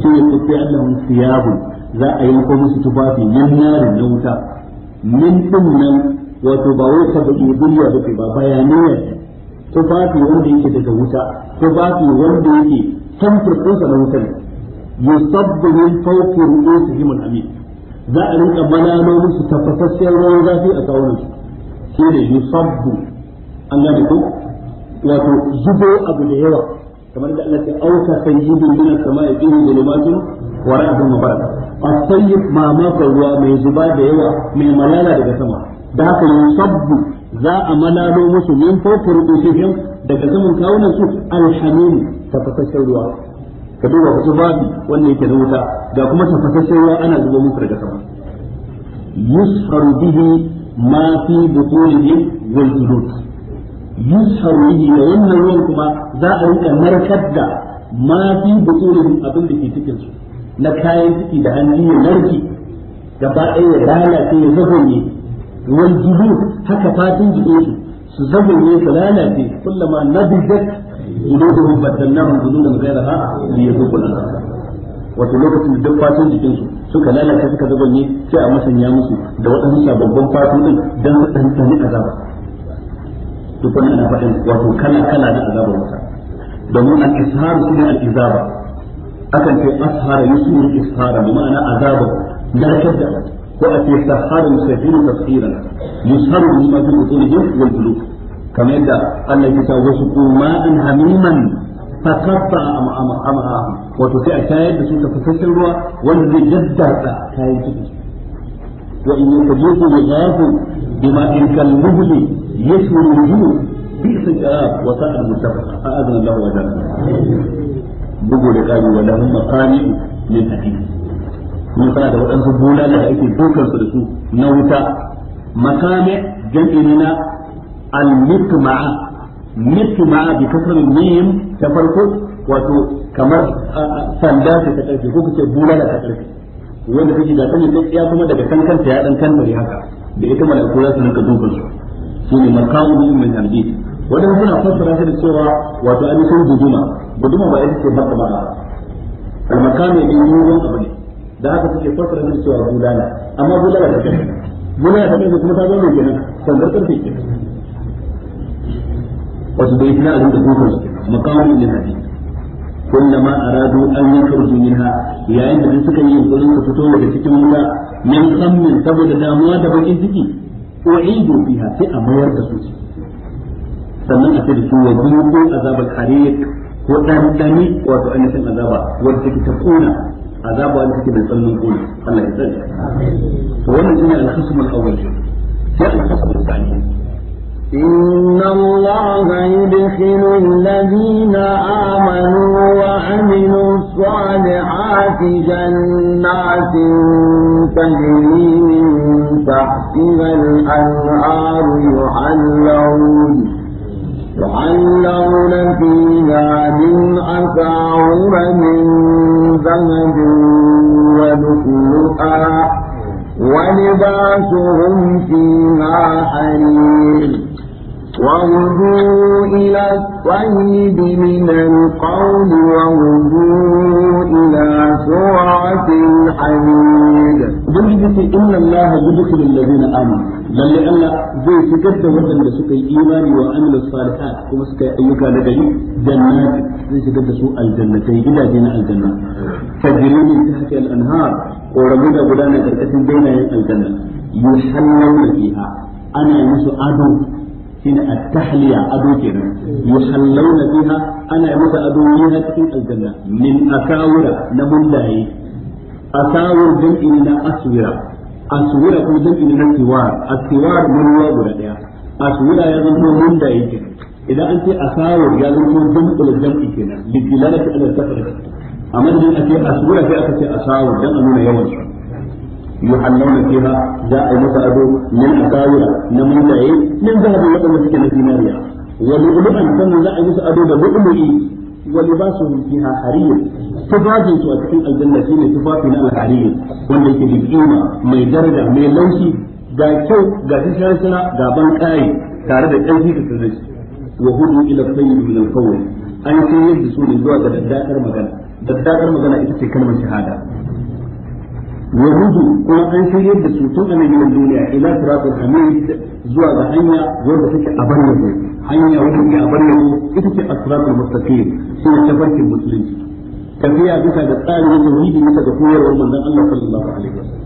shi ya kuɗi Allahun siyabun za a yi ko musu tufafi yan yarin na wuta min ɗin nan wato ba wai ta baƙi duniya ba ba bayaniyar tufafi wanda yake daga wuta tufafi wanda yake samfur ɗinsa na wuta ne yusabbu min fawqi ru'usihim al-amin za a rinka malalo musu tafasassiyar ruwan zafi a kawunan su shi ne yusabbu an gane ko wato zubo abu da yawa kamar da Allah ya auka sayyidin bin as-sama'i bihi zulumatun wa ra'dun mubarak as-sayyid ma ma ruwa mai zuba da yawa mai malala daga sama da haka yusabbu za a malalo musu min fawqi ru'usihim daga saman kawunan su al-hamim tafasassiyar ruwa ka duba ka babi wanda yake da wuta ga kuma tafasasshen ruwa ana zuba musu daga sama yusharu bihi ma fi butunihi wal julud yusharu bihi da wannan ruwan kuma za a rika narkar da ma fi butunihi abin da ke cikin su na kayan ciki da hannu ya narki gaba ɗaya ya lalace ya zagonye wal julud haka fatin jikin su su zagonye su lalace kullum kullama nabijat juluduhum baddalnahum juludan ghayraha liyazuqu al-azab wato lokacin duk fatan jikin su suka lalace suka zuba ne sai a masanya musu da waɗansu sababbin fatu din dan su tantani azaba duk wannan ana faɗin wato kala kala na azabar wuta domin al-ishar sunan al-izaba akan ce ashara yusuru ishara bi ma'ana azaba darkar da ko a ce sahara musafiru tafsiran yusharu bima fi qulubihim wal qulub kamar yadda Allah ya ta wasu kuma'an hamiman fakaffa am'amahum wato sai a shayar da su tafasasshen ruwa wanda zai jaddada kayan cikin wa in yakjuku yaghafu bima in kalmuhli yashru wujuh bi'sa al-sharab wa sa'al mutafaqa a'adana Allah wa jalla bugu da kari wa lahum maqami min hadid mun fara da waɗansu bulala da ake dokar su da su na wuta makame jam'i na al-mitma mitma bi ta farko wato kamar sanda ce ta karfe ko kace bulala ta karfe wanda kake da sani sai ya kuma daga kan kanta ya dan kan haka da ita malaiku za su rinka dukan su shine markamu min al-hadid wadanda suna fassara shi da cewa wato an sun guduma guduma ba ita ce haka ba al-makami din ruwan abu ne da haka suke fassara shi bulala ta ta ta wato bai tana abin da kokon makamin lil hadith kullama aradu an yakhruju minha yayin da suka yi yunkurin su fito daga cikin wuta min sammin saboda damuwa da bakin ciki u'idu fiha sai a mayar da su sannan a ce da su ko duku azabal harir ko dandani wato ainihin azaba wanda take ta kuna azaba wanda take da tsallin kuna Allah ya tsare to wannan shine al-khasm al-awwal sai al-khasm al-thani إن الله يدخل الذين آمنوا وعملوا الصالحات جنات تجري من تحتها الأنهار يعلون يعلون فيها من أساور من ذهب ولؤلؤا ولباسهم فيها حرير وهدوا إلى الطيب من القول وهدوا إلى سرعة الحميد جمجد إن الله يدخل الذين آمنوا لأن الله زي سكت وطن لسكي إيماني وعمل الصالحات كما سكي أيوكا لدي جنات زي سكت سوء الجنتين إلى جناء الجنة تجري من تحت الأنهار ورمودا قدانا كركة بين الجنة يحلون فيها أنا يسعدون shine at-tahliya ado kenan yuhallawna fiha ana yi masa ado ne a cikin aljanna min asawira na mundaye asawir jam'i na aswira aswira ko jam'i na siwar mun ruwa guda daya aswira ya zama mundaye kenan idan an ce asawir ya zama jam'ul jam'i kenan lidilalati ala safar amma idan ake aswira sai aka ce asawir dan a nuna yawan su yuhallawna fiha za a yi masa ado min akawira na mundaye min zahabi wadanda suke na zinariya wa lu'lu'an sannan za a yi masa ado da lu'lu'i wa libasuhum fiha harir tufafin su a cikin aljanna shine tufafi na alharir wanda yake mai daraja mai laushi ga kyau ga shishashira ga ban kai tare da ƙarfi da wa hudu ila tayyib min al-qawl an sayyid su ne zuwa ga daddakar magana daddakar magana ita ce kalmar shahada yahudu kuma an shirya da cuta tun anan gidan duniya ila siratul hamid zuwa ga hanya wanda take a bar yau hanya wanda take a bar yau ita ce asratul mustaqim sun tafarkin musulunci tafiya bisa da tsarin tauhidi bisa da koyarwar manzon Allah sallallahu alaihi wasallam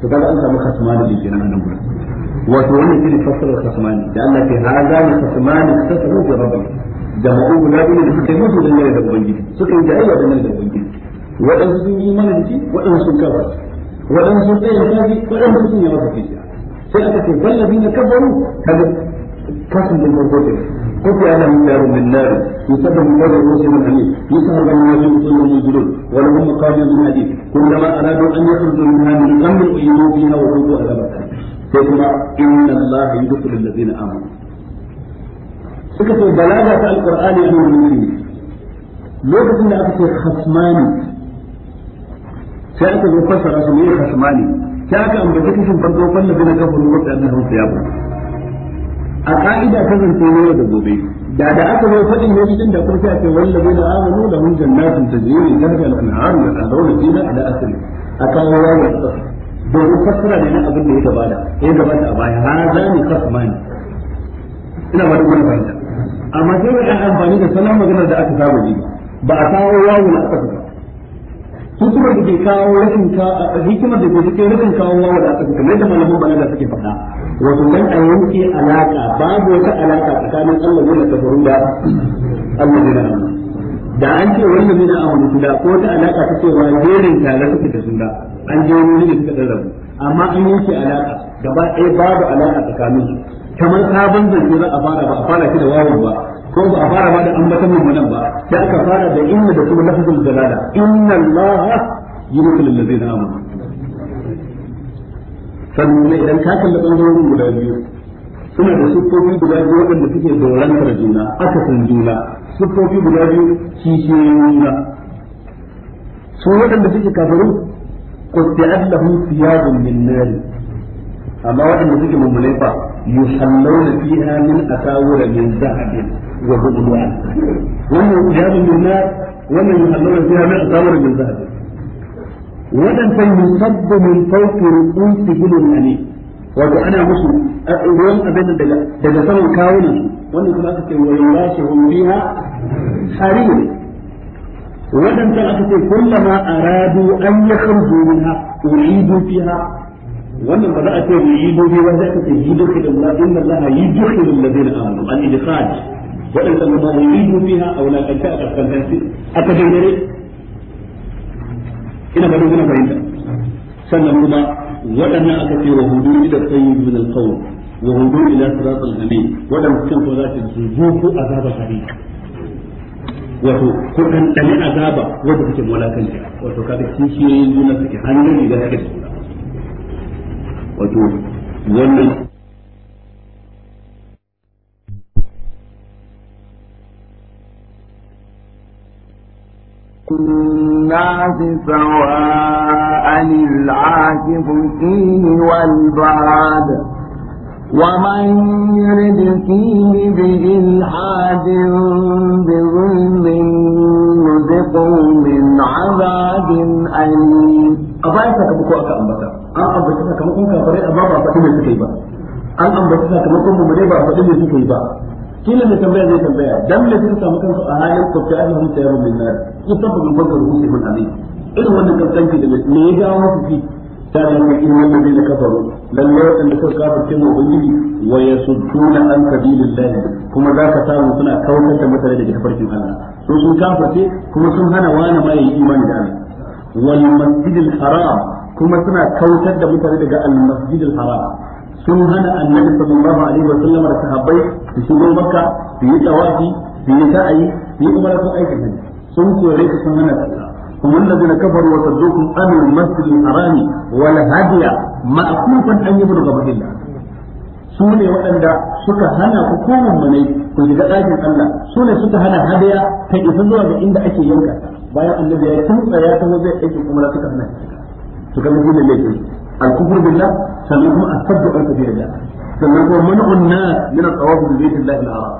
to kaga an samu kasmani da kenan anan gurin wato wannan shine fassarar kasmani da Allah ke hada ne kasmani tasarrufi rabbi biyu da suka yi musu yi da waɗansu sun yi mana da waɗansu sun kafa waɗansu sun tsaye da shi waɗansu sun yi masa kishiya sai aka ce wallafi na kafaru kaga kasan da farko ce ko ya da mun yaro min nari yusabbu min nari ko sai mun hali yusabbu min nari ko sai mun gudu wa lahum maqamin min hadid kullama aradu an yakhruju min hadhihi al-amr uyidu fiha wa qutu adaba sai kuma inna allaha yudkhilu alladhina amanu suka ce balaga ta alqur'ani an mun lokacin da aka ce khasmani sai aka zo fassara su ne khasmani sai aka ambaci kishin farko falla bin kafaru wa annahum thiyabu a ka'ida ta zance ne da gobe da da aka zo fadin ne din da kuma sai wallahi na amanu da mun jannatin tajri ta tahta al-anhar wa tadawla fiha ila asli akan wawa da domin fassara ne na abin da ya gabata ya gabata a baya hada ne khasmani ina ba da wani fahimta amma sai ba an amfani da salon maganar da aka saba ji ba a kawo wawu na aka hikimar da ke kawo rashin hikimar da ke cikin rashin kawo wa da suke kamar da malaman balaga suke faɗa wato dan a yanke alaka babu wata alaka tsakanin Allah ne da kafirun da Allah ne da da an ce wannan ne da amanu da ko ta alaka ta cewa jerin tare suke da suna an je wani ne suka rabu amma an yanke alaka gaba ɗaya babu alaka tsakanin kamar sabon zance za a fara ba a fara shi da wawon ba ko ba a fara ba da ambatan mummunan ba da aka fara da inna da kuma lafzul jalala inna allaha yudkhilul ladzina amanu sannan idan ka kalli bangarorin guda biyu suna da siffofi guda biyu waɗanda suke dorantar juna akasin juna siffofi guda biyu kishiyoyin juna su waɗanda suke kafaru qutti'at lahum thiyabun min nar amma waɗanda suke mummunai fa يسمون فيها من أساور من ذهب وبغلوان ومن أجاب النار ومن يسمون فيها من أساور من ذهب ومن فيصب من فوق رؤوس كل المني وقال أنا مسلم أقول أبدا دجسان كاونا ومن ثلاثة ويراسهم فيها حريم ومن ثلاثة كلما أرادوا أن يخرجوا منها أعيدوا فيها wannan ba za a ce mu yi dobe wanda aka ce yi dobe da Allah inna Allah yi dobe da ladina amanu an idkhaj wadanda ba mu yi dobe ha a wani kanta a kaskanci aka dangare ina ba wani fahimta sannan kuma waɗannan aka ce wa hudu ila sayyid min al-qawl wa hudu ila sirat al-ghamim waɗanda kan ko za su zuku azaba hari wato ko kan dani azaba wanda kake mulakanta wato kaga kishiyoyin juna suke hannun riga suke da wato wannan الناس سواء العاكف فيه والبعاد ومن يرد فيه بإلحاد بظلم نزقه من عذاب أليم أبايا تكبكوا أكا أمتا an ambaci sakamakon kafirai amma ba faɗi mai suka yi ba an ambaci sakamakon mummune ba faɗi mai suka yi ba kila mai tambaya zai tambaya dan me sun samu kansu a halin kwafi alhum sayyarun min nar yusabbu min bazar ruhi mun amin irin wannan kantanci da me ya jawo su fi ta da mai irin wannan da kafaru lalle wadanda suka kafirce mu ubangiji wa yasudduna an sabilillah kuma za ka samu suna kautar da mutane daga tafarkin Allah su sun kafirce kuma sun hana wani ma yi imani da Allah wani masjidin haram kuma suna kautar da mutane daga al-masjid al-haram sun hana annabi sallallahu alaihi wa sallam da sahabbai su shigo makka su yi tawafi su yi sa'i su yi umara sun aiki hajji sun kore su sun hana هم الذين كفروا وصدوكم عن المسجد الحرام والهدي مأكوفا أن يبلغ به الله su ne waɗanda suka hana ku komun ku shiga ɗakin Allah su ne suka hana hadaya ta isa zuwa ga inda ake yanka bayan annabi ya tsaya ta zai aiki kuma suka hana shiga to kaga shine laifin al-kufru billah sannan kuma asabbu an sabilillah sannan kuma man'un nas min at-tawaf bi baitillahi al-haram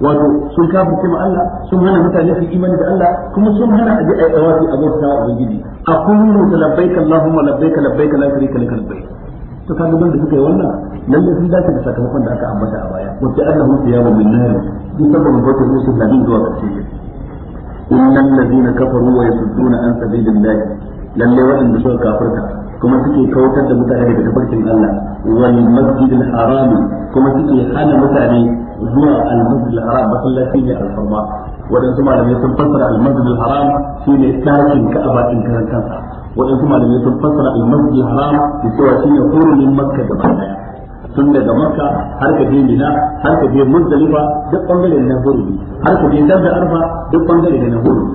wato sun kafirce ma Allah sun hana mutane su imani da Allah kuma sun hana aje ai awati abota ubangiji aqulu labbaika allahumma labbaika labbaika la sharika lak labbaika to kaga banda suka yi wannan lalle sun dace da sakamakon da aka ambata a baya wa ta'allahu siyamu min nar duk sabon bauta musu da bin zuwa gaske innal ladina kafaru wa yasudduna an sabilillahi lalle waɗanda suka kafirta kuma suke kautar da mutane daga tafarkin Allah wal masjidil haram kuma suke hana mutane zuwa al masjidil haram masallaci ne alfarma waɗansu malamai sun fassara al masjidil haram shine ɗakin ka'aba din karan kansa waɗansu malamai sun fassara al masjidil haram da cewa shine hurumin makka da daya tun daga makka har ka je mina har ka je muzdalifa duk bangare na hurumi har ka je dabda arfa duk bangare na hurumi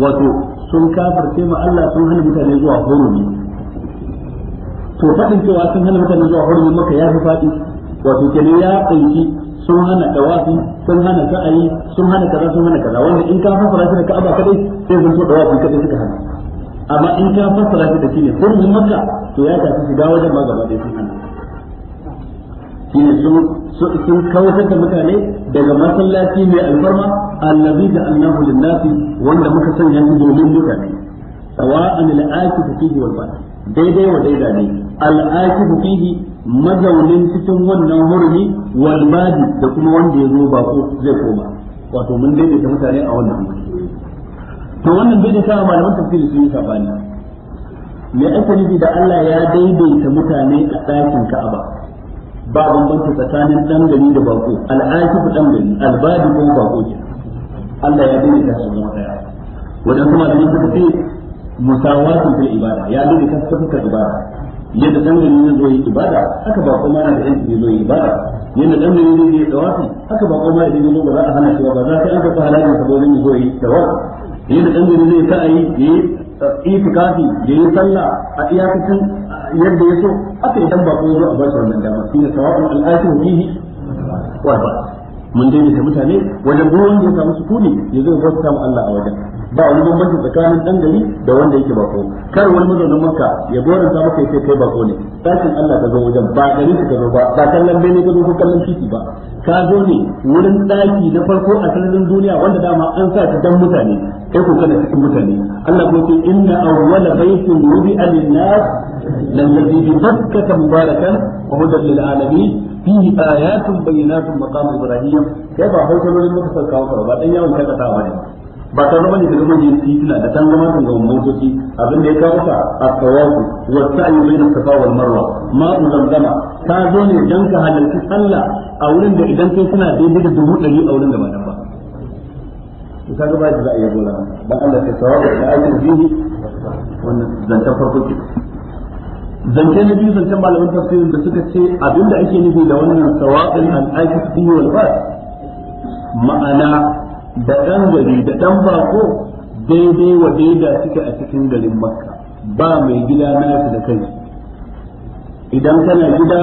wato sun kafirce ma Allah sun hana mutane zuwa hurumi to faɗin cewa sun hana mutane zuwa hurumin maka ya fi faɗi wato kenan ya ɗauki sun hana dawafi sun hana sa'ayi sun hana kaza sun hana kaza wanda in ka fasara shi da ka'aba kadai sai sun so dawafi kadai suka hana amma in ka fasara shi da shine hurumin maka to ya tafi shiga wajen ma gaba ɗaya sun hana shine sun sun kawatar da mutane daga masallaci mai alfarma allazi da annahu linnasi wanda muka sanya shi domin mutane an sawa'an al'akifu fihi wal ba'd daidai wa daida ne al'akifu fihi mazaunin cikin wannan hurumi wal ba'd da kuma wanda ya zo ba ko zai koma wato mun daidaita mutane a wannan to wannan bai da sa malaman tafsiri sun yi sabani me ake nufi da Allah ya daidaita mutane a ɗakin Ka'aba ba bambanci tsakanin dan gari da bako al'ashi dan gari albadi ko bako ke Allah ya dole ta su zama daya wajen kuma da yin tafi musawatun fil ibada ya dole ta su fuskar ibada yadda dan gari ne zai ibada haka ba kuma na da yanci ne zai yi ibada yadda dan gari ne zai yi dawafi haka ba kuma da yanci ba za a hana shi ba za ka an ka halalin sa dole ne zai dawafi yadda dan gari ne ka ayi itikafi ya yi sallah a iyakacin yadda ya so aka yi dan bako zo a ba wannan dama shine ne al'ashu bihi wa ba mun daina ta mutane wajen duk da ya samu sukuni ya zo bauta samu Allah a wajen ba wani bambanci tsakanin dan gari da wanda yake bako kar wani mazaunin makka ya goranta maka yace kai bako ne sakin Allah ka zo wajen ba gari ka zo ba ba kallon bene ka zo ko kallon titi ba ka zo ne wurin daki na farko a sararin duniya wanda dama an sa ta dan mutane kai ko kana cikin mutane Allah ko ce inna awwala baytin wudi'a lin-nas lalladhi bi Makkah mubarakan wa hudan lil-alamin fihi ayatun bayyinatun maqam ibrahim kai ba hausa wurin muka sarkawa ka ba dan yawan kaga ta bane ba ta zama ne daga manyan titina da tan zama kan gaban motoci abin da ya kawo ka at-tawafu wa sa'i bayna safa wal marwa ma zamzama ta zo ne dan ka halarci sallah a wurin da idan kai suna daidai da dubu ɗari a wurin da ba ba to kaga ba za a yi gona dan Allah ka tawafu da ajin bihi wannan zantan farko kenan zance na biyu zancen malamin tafsirin da suka ce abinda ake nufi da wannan sawa'in al'aiki su wal ma'ana da ɗan gari da ɗan bako daidai wa daida suke a cikin garin makka ba mai gida na su da kai idan kana gida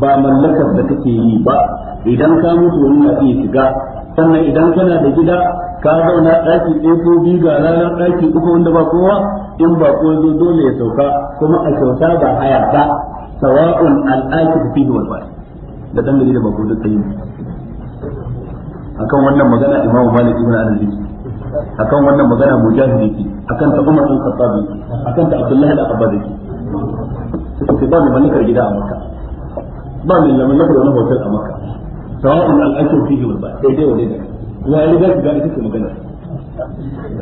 ba mallakar da kake yi ba idan ka mutu wani na iya shiga sannan idan kana da gida ka zauna ɗaki ɗaya ko biyu ga ranar ɗaki uku wanda ba kowa in ba ko zo dole ya sauka kuma a kyauta ba haya ba sawa'un al'aki fi wal ba'i da dan da ba ko duk sai akan wannan magana imamu malik ibn anas akan wannan magana mujahid yake akan ta umar bin khattab akan ta abdullahi da abbas yake suka ba mu kar gida a makka ba mu na lafiya wani hotel a makka sawa'un al'aki fi wal ba'i sai dai wani da ya riga ga ita ce magana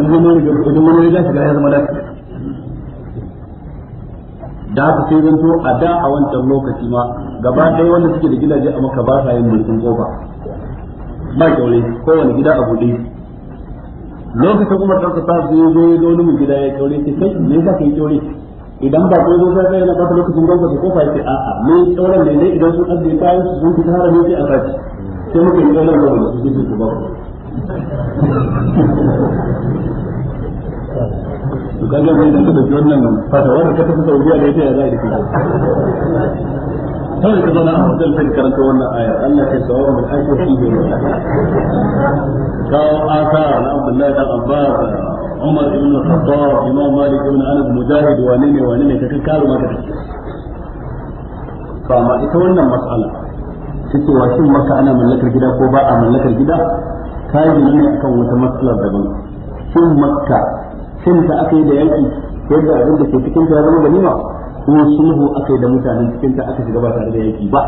in mun riga da mun riga ya zama lafiya da haka sai zanto a da a wancan lokaci ma gaba ɗaya wanda suke da gidaje a maka ba sa yin mulkin kofa ba kyaure kowane gida a buɗe lokacin umar ta kasa su yi zo ya zo mun gida ya kyaure sai kai me yasa ka yi kyaure idan ba ko zo sai kai na ba lokacin gwamnati ko kofa yake a'a ne kyauren ne ne idan sun ta kayan su sun fita ne sai a sace sai muke yi kyauren gwamnati su ji su ba ku to kaga mai da kuka ji wannan fatawa da ka tafi Saudiya da yake ya zai dake kawai ka zauna a wajen sai karanta wannan aya Allah ke sawa min aiki shi ne kawo asa na Abdullahi dan Abbas Umar ibn Khattab Imam Malik ibn Anas Mujahid wane ne wane ne ka kakkaru maka ba ma ita wannan mas'ala take wa shin maka ana mallakar gida ko ba a mallakar gida kai ne akan wata matsalar daban shin makka sun ta aka yi da yanki ko da abin da ke cikin ta zama ganima ko sulhu aka yi da mutanen cikin ta aka shiga ba tare da yanki ba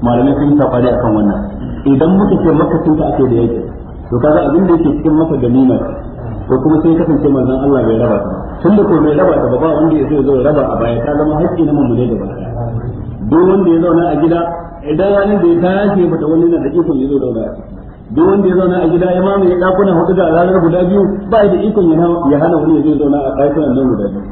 malamai sun ta safari akan wannan idan muka ce maka sun ta aka yi da yanki to kaga abin da yake cikin maka ganima ko kuma sai kasance manzon Allah bai raba ta tun da ko bai raba ta ba wanda ya zo ya raba a baya ta zama haƙƙi na mamune da baya duk wanda ya zauna a gida idan wani da tashi ba ta wani na da ikon ya zo da a duk wanda ya zauna a gida ya mamaye ɗakuna hudu da ranar guda biyu ba da ikon ya hana wani ya je zauna a ɗakunan nan guda biyu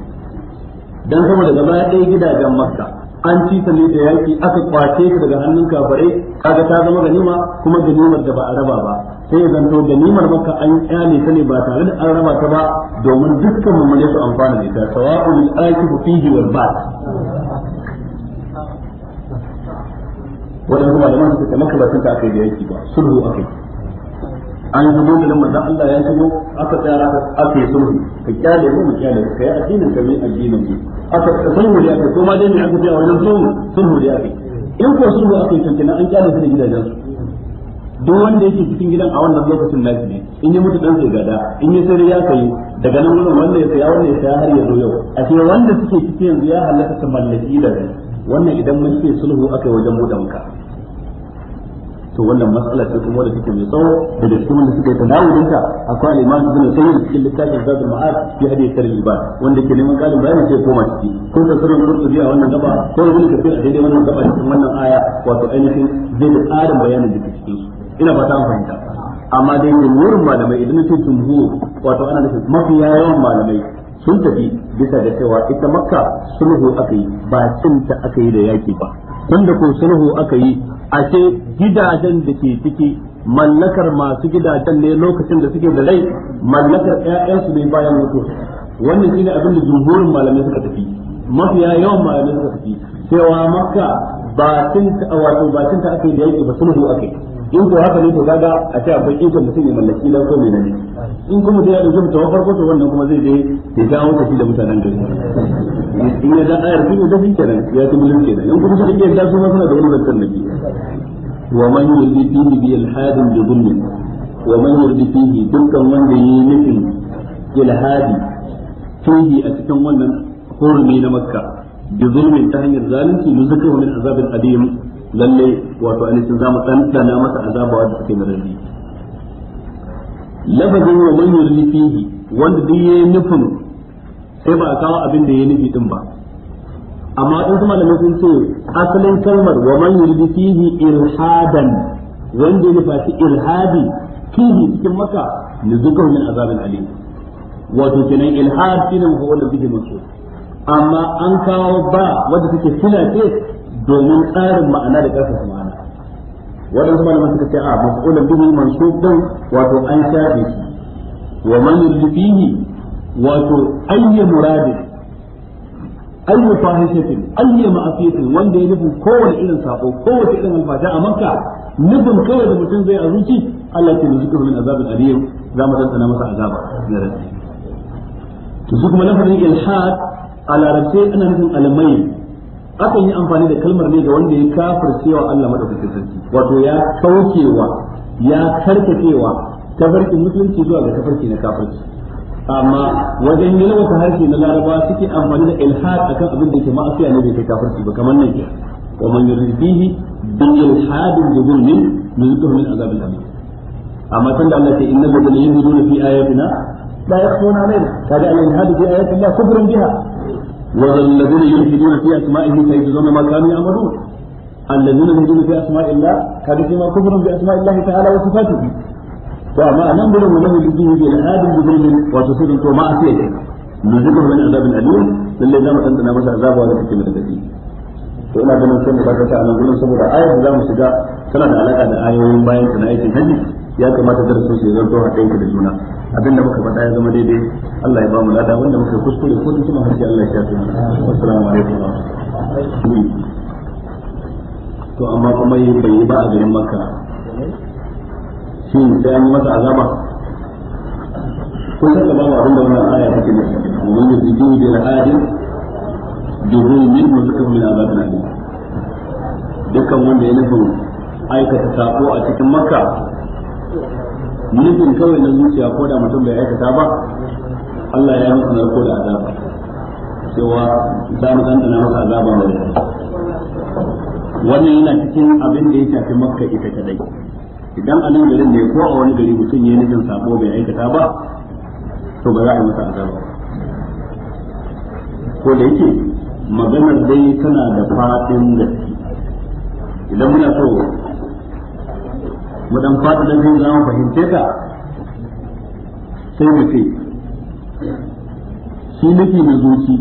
dan saboda gaba ɗaya gidajen makka an ci ta ne da yaki aka kwace ka daga hannun kafare, kaga ta zama ganima kuma ganimar da ba a raba ba sai ya zanto ganimar makka an kyale ta ne ba tare da an raba ta ba domin dukkan mummune su amfana da ita sawa'un al ku fihi wal ba'd wadannan malaman suka maka ba sun ta akai da yaki ba sulhu akai an yi zubo da manzon Allah ya shigo aka tsaya aka yi sulhu ka kyale mu mu kyale ka yi addinin ka mai addinin mu aka sulhu da aka ko ma dai ne aka tsaya wajen sulhu sulhu da aka in ko sulhu aka yi tuntuna an kyale su da gidajen su duk wanda yake cikin gidan a wannan lokacin nashi ne in ya mutu dan sai gada in ya sai ya kai daga nan wurin wanda ya saya wanda ya saya har ya zo yau a ce wanda suke ciki yanzu ya halatta ta mallaki da wannan idan mun ce sulhu aka yi wajen mu da to wannan matsala ce kuma wanda take mai tsawo daga da wanda suka yi tadawudin ta akwai al-Imam Ibn Qayyim cikin littafin Zadul Ma'ad fi hadi sarri ba wanda ke neman kalin bayani sai koma ciki ko tafsirin Qurtubi a wannan gaba ko Ibn Kathir a daidai wannan gaba cikin wannan aya wato ainihin zai da tsarin bayanin da cikin ina ba ta fahimta amma dai jumhurin malamai idan ce jumhur wato ana nufin mafiya yawan malamai sun tafi bisa da cewa ita makka sulhu aka yi ba cinta aka yi da yaki ba tunda ko sulhu aka yi ashe gidajen da ke ciki mallakar masu gidajen ne lokacin da suke da rai mallakar ƴaƴansu ne bayan mutu wannan shine abin da jumhurin malamai suka tafi mafiya yawan malamai suka tafi cewa makka ba tinta wato ba tinta aka yi da yake ba sulhu aka yi in ko haka ne to kaga a ce akwai ikon mutum ya mallaki dan ko mai nani in kuma mutum ya dauki mutum farko to wannan kuma zai je ya dawo da shi da mutanen gari in ya da ayar duk da shi kenan ya ci mulki kenan in kuma shi ke da su ma suna da wani zantar nabi wa man yurdi fihi bi ilhadin bi dhulmin wa man yurdi fihi dukkan wanda yi nufin ilhadi fihi a cikin wannan hurumi na makka bi zulmin ta hanyar zalunci nuzikahu min azabin adim lalle wato ainihin za mu ɗanɗana masa azabawa da suke na rarri lafazin wa man yurni fihi wanda duk yayi nufin sai ba a kawo abin da yayi nufi din ba amma in kuma da mutum ce asalin kalmar wa man yurni fihi irhadan wanda ya nufa shi irhadi fihi cikin maka nuzukahu min azabin alim wato kenan ilhad shine mu wanda bige musu amma an kawo ba wanda take sila domin tsarin ma'ana da ƙarfafa ma'ana waɗansu malaman suka ce a maf'ulan bihi mansub din wato an shafe shi wa man yurdihi wato ayyu muradin ayyu fahishatin ayyu ma'asiyatin wanda ya nufi kowane irin sako kowace irin alfata a makka nufin kawai da mutum zai a zuci Allah ke ce zikru min azabin aliyu za mu tantana masa azaba na rabbi to su kuma lafazin ilhad a larabce ana nufin Al almai akan yi amfani da kalmar ne ga wanda ya kafir cewa Allah madaukakin sarki wato ya kaucewa ya karkatewa karkacewa tafarkin musulunci zuwa ga tafarki na kafirci amma wajen yi yalwata harshe na laraba suke amfani da ilhad akan abin da ke ma'asiya ne bai kai kafirci ba kamar nan ke wa man yuridihi bi ilhadin bi zulmin yuzquhu min azabil alim amma tunda Allah ke ce innal ladina yuzuna fi ayatina la yakhfuna alayna kaga al-ilhad fi ayati Allah kufrun biha والذين يلحدون في أسمائه فيجزون ما كانوا يعملون الذين يلحدون في أسماء الله كانوا فيما كفر بأسماء الله تعالى وصفاته وما ننظر وله يجيه بالعاد بذنب وتصير ما أتيته نذكر من عذاب أليم للي زامت أنتنا مسا عذاب ولا تكلم الذي to ina ganin sai mu dakata a nan gurin saboda ayar da zamu shiga tana da alaka da ayoyin bayan na aikin hajji ya kamata darasin su ya zanto haɗe da juna abin da muka faɗa ya zama daidai Allah ya ba mu lada wanda muka kuskure ko duk kuma harshe Allah ya shafe mu assalamu alaikum to amma kuma yi bai ba a garin Makka. shin sai an yi masa azaba kun saka babu abin da wannan aya take nufi mun yi bidiyo da al'adin durumin mu suka mun azaba alim dukkan wanda ya nufi aikata sako a cikin makka mulkin kawai na zuciya ko da mutum bai aikata ba Allah ya masa ko da azaba cewa za mu dandana masa azaba mai wannan yana cikin abin da ya shafi makka ita kadai idan a nan garin ne ko a wani gari mutum ya nufin sabo bai aikata ba to ba za a yi masa azaba ko da yake maganar dai tana da fadin gaske idan muna so mu dan fadi da zai zama fahimce ta sai mu ce shi nufi na zuci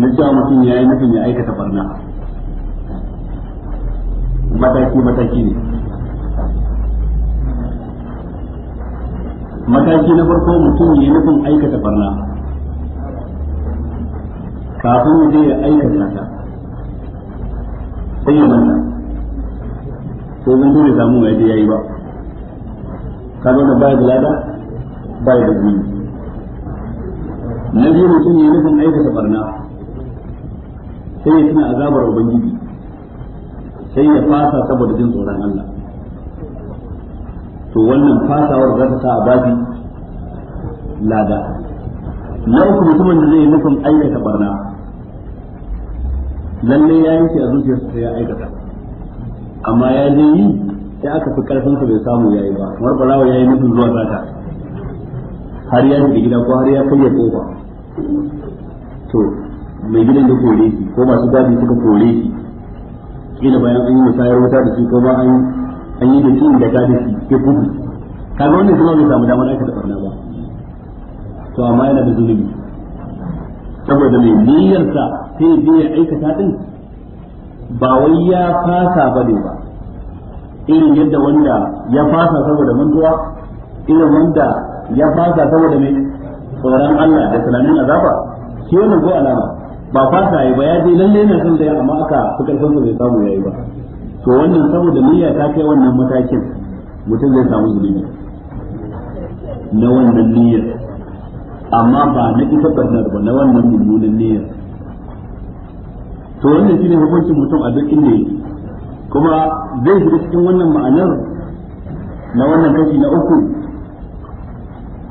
na cewa mutum ya yi nufin ya aikata barna mataki mataki ne mataki na farko mutum ya yi nufin aikata barna kafin ya je ya aikata ta sai ya manta sai zan kuma samu mai da yayi ba ka zo da baya da lada baya da zuwa na biyu mutum ya nufin aikata barna sai ya tuna azabar ubangiji sai ya fasa saboda jin tsoron Allah to wannan fasawar za ta sa abadi lada na uku mutumin da zai nufin aikata barna lalle ya yanke a zuciyarsa sai ya aikata amma ya je yi sai aka fi karfin sa bai samu yayi ba kamar barawa yayi nufin zuwa zata har ya shiga gida ko har ya kai ya kofa to mai gidan da kore shi ko masu gadi suka kore shi kila bayan an yi musayar wuta da shi ko ba an an yi da shi da ta da shi ke gudu kaga wannan suna bai samu damar aikata barna ba to amma yana da zunubi saboda mai niyyarsa sai ya aikata din ba wai ya fasa ba ne ba irin yadda wanda ya fasa saboda mantuwa irin wanda ya fasa saboda mai tsoron Allah da tunanin azaba shi wannan ko alama ba fasa yi ba ya je lalle na son da amma aka fi karfin su bai samu yayi ba to wannan saboda niyya ta kai wannan matakin mutum zai samu ne, na wannan niyyar amma ba na ita ba na wannan mummunan niyyar to wannan shine hukuncin mutum a duk inda yake kuma zai shiga cikin wannan ma'anar na wannan kashi na uku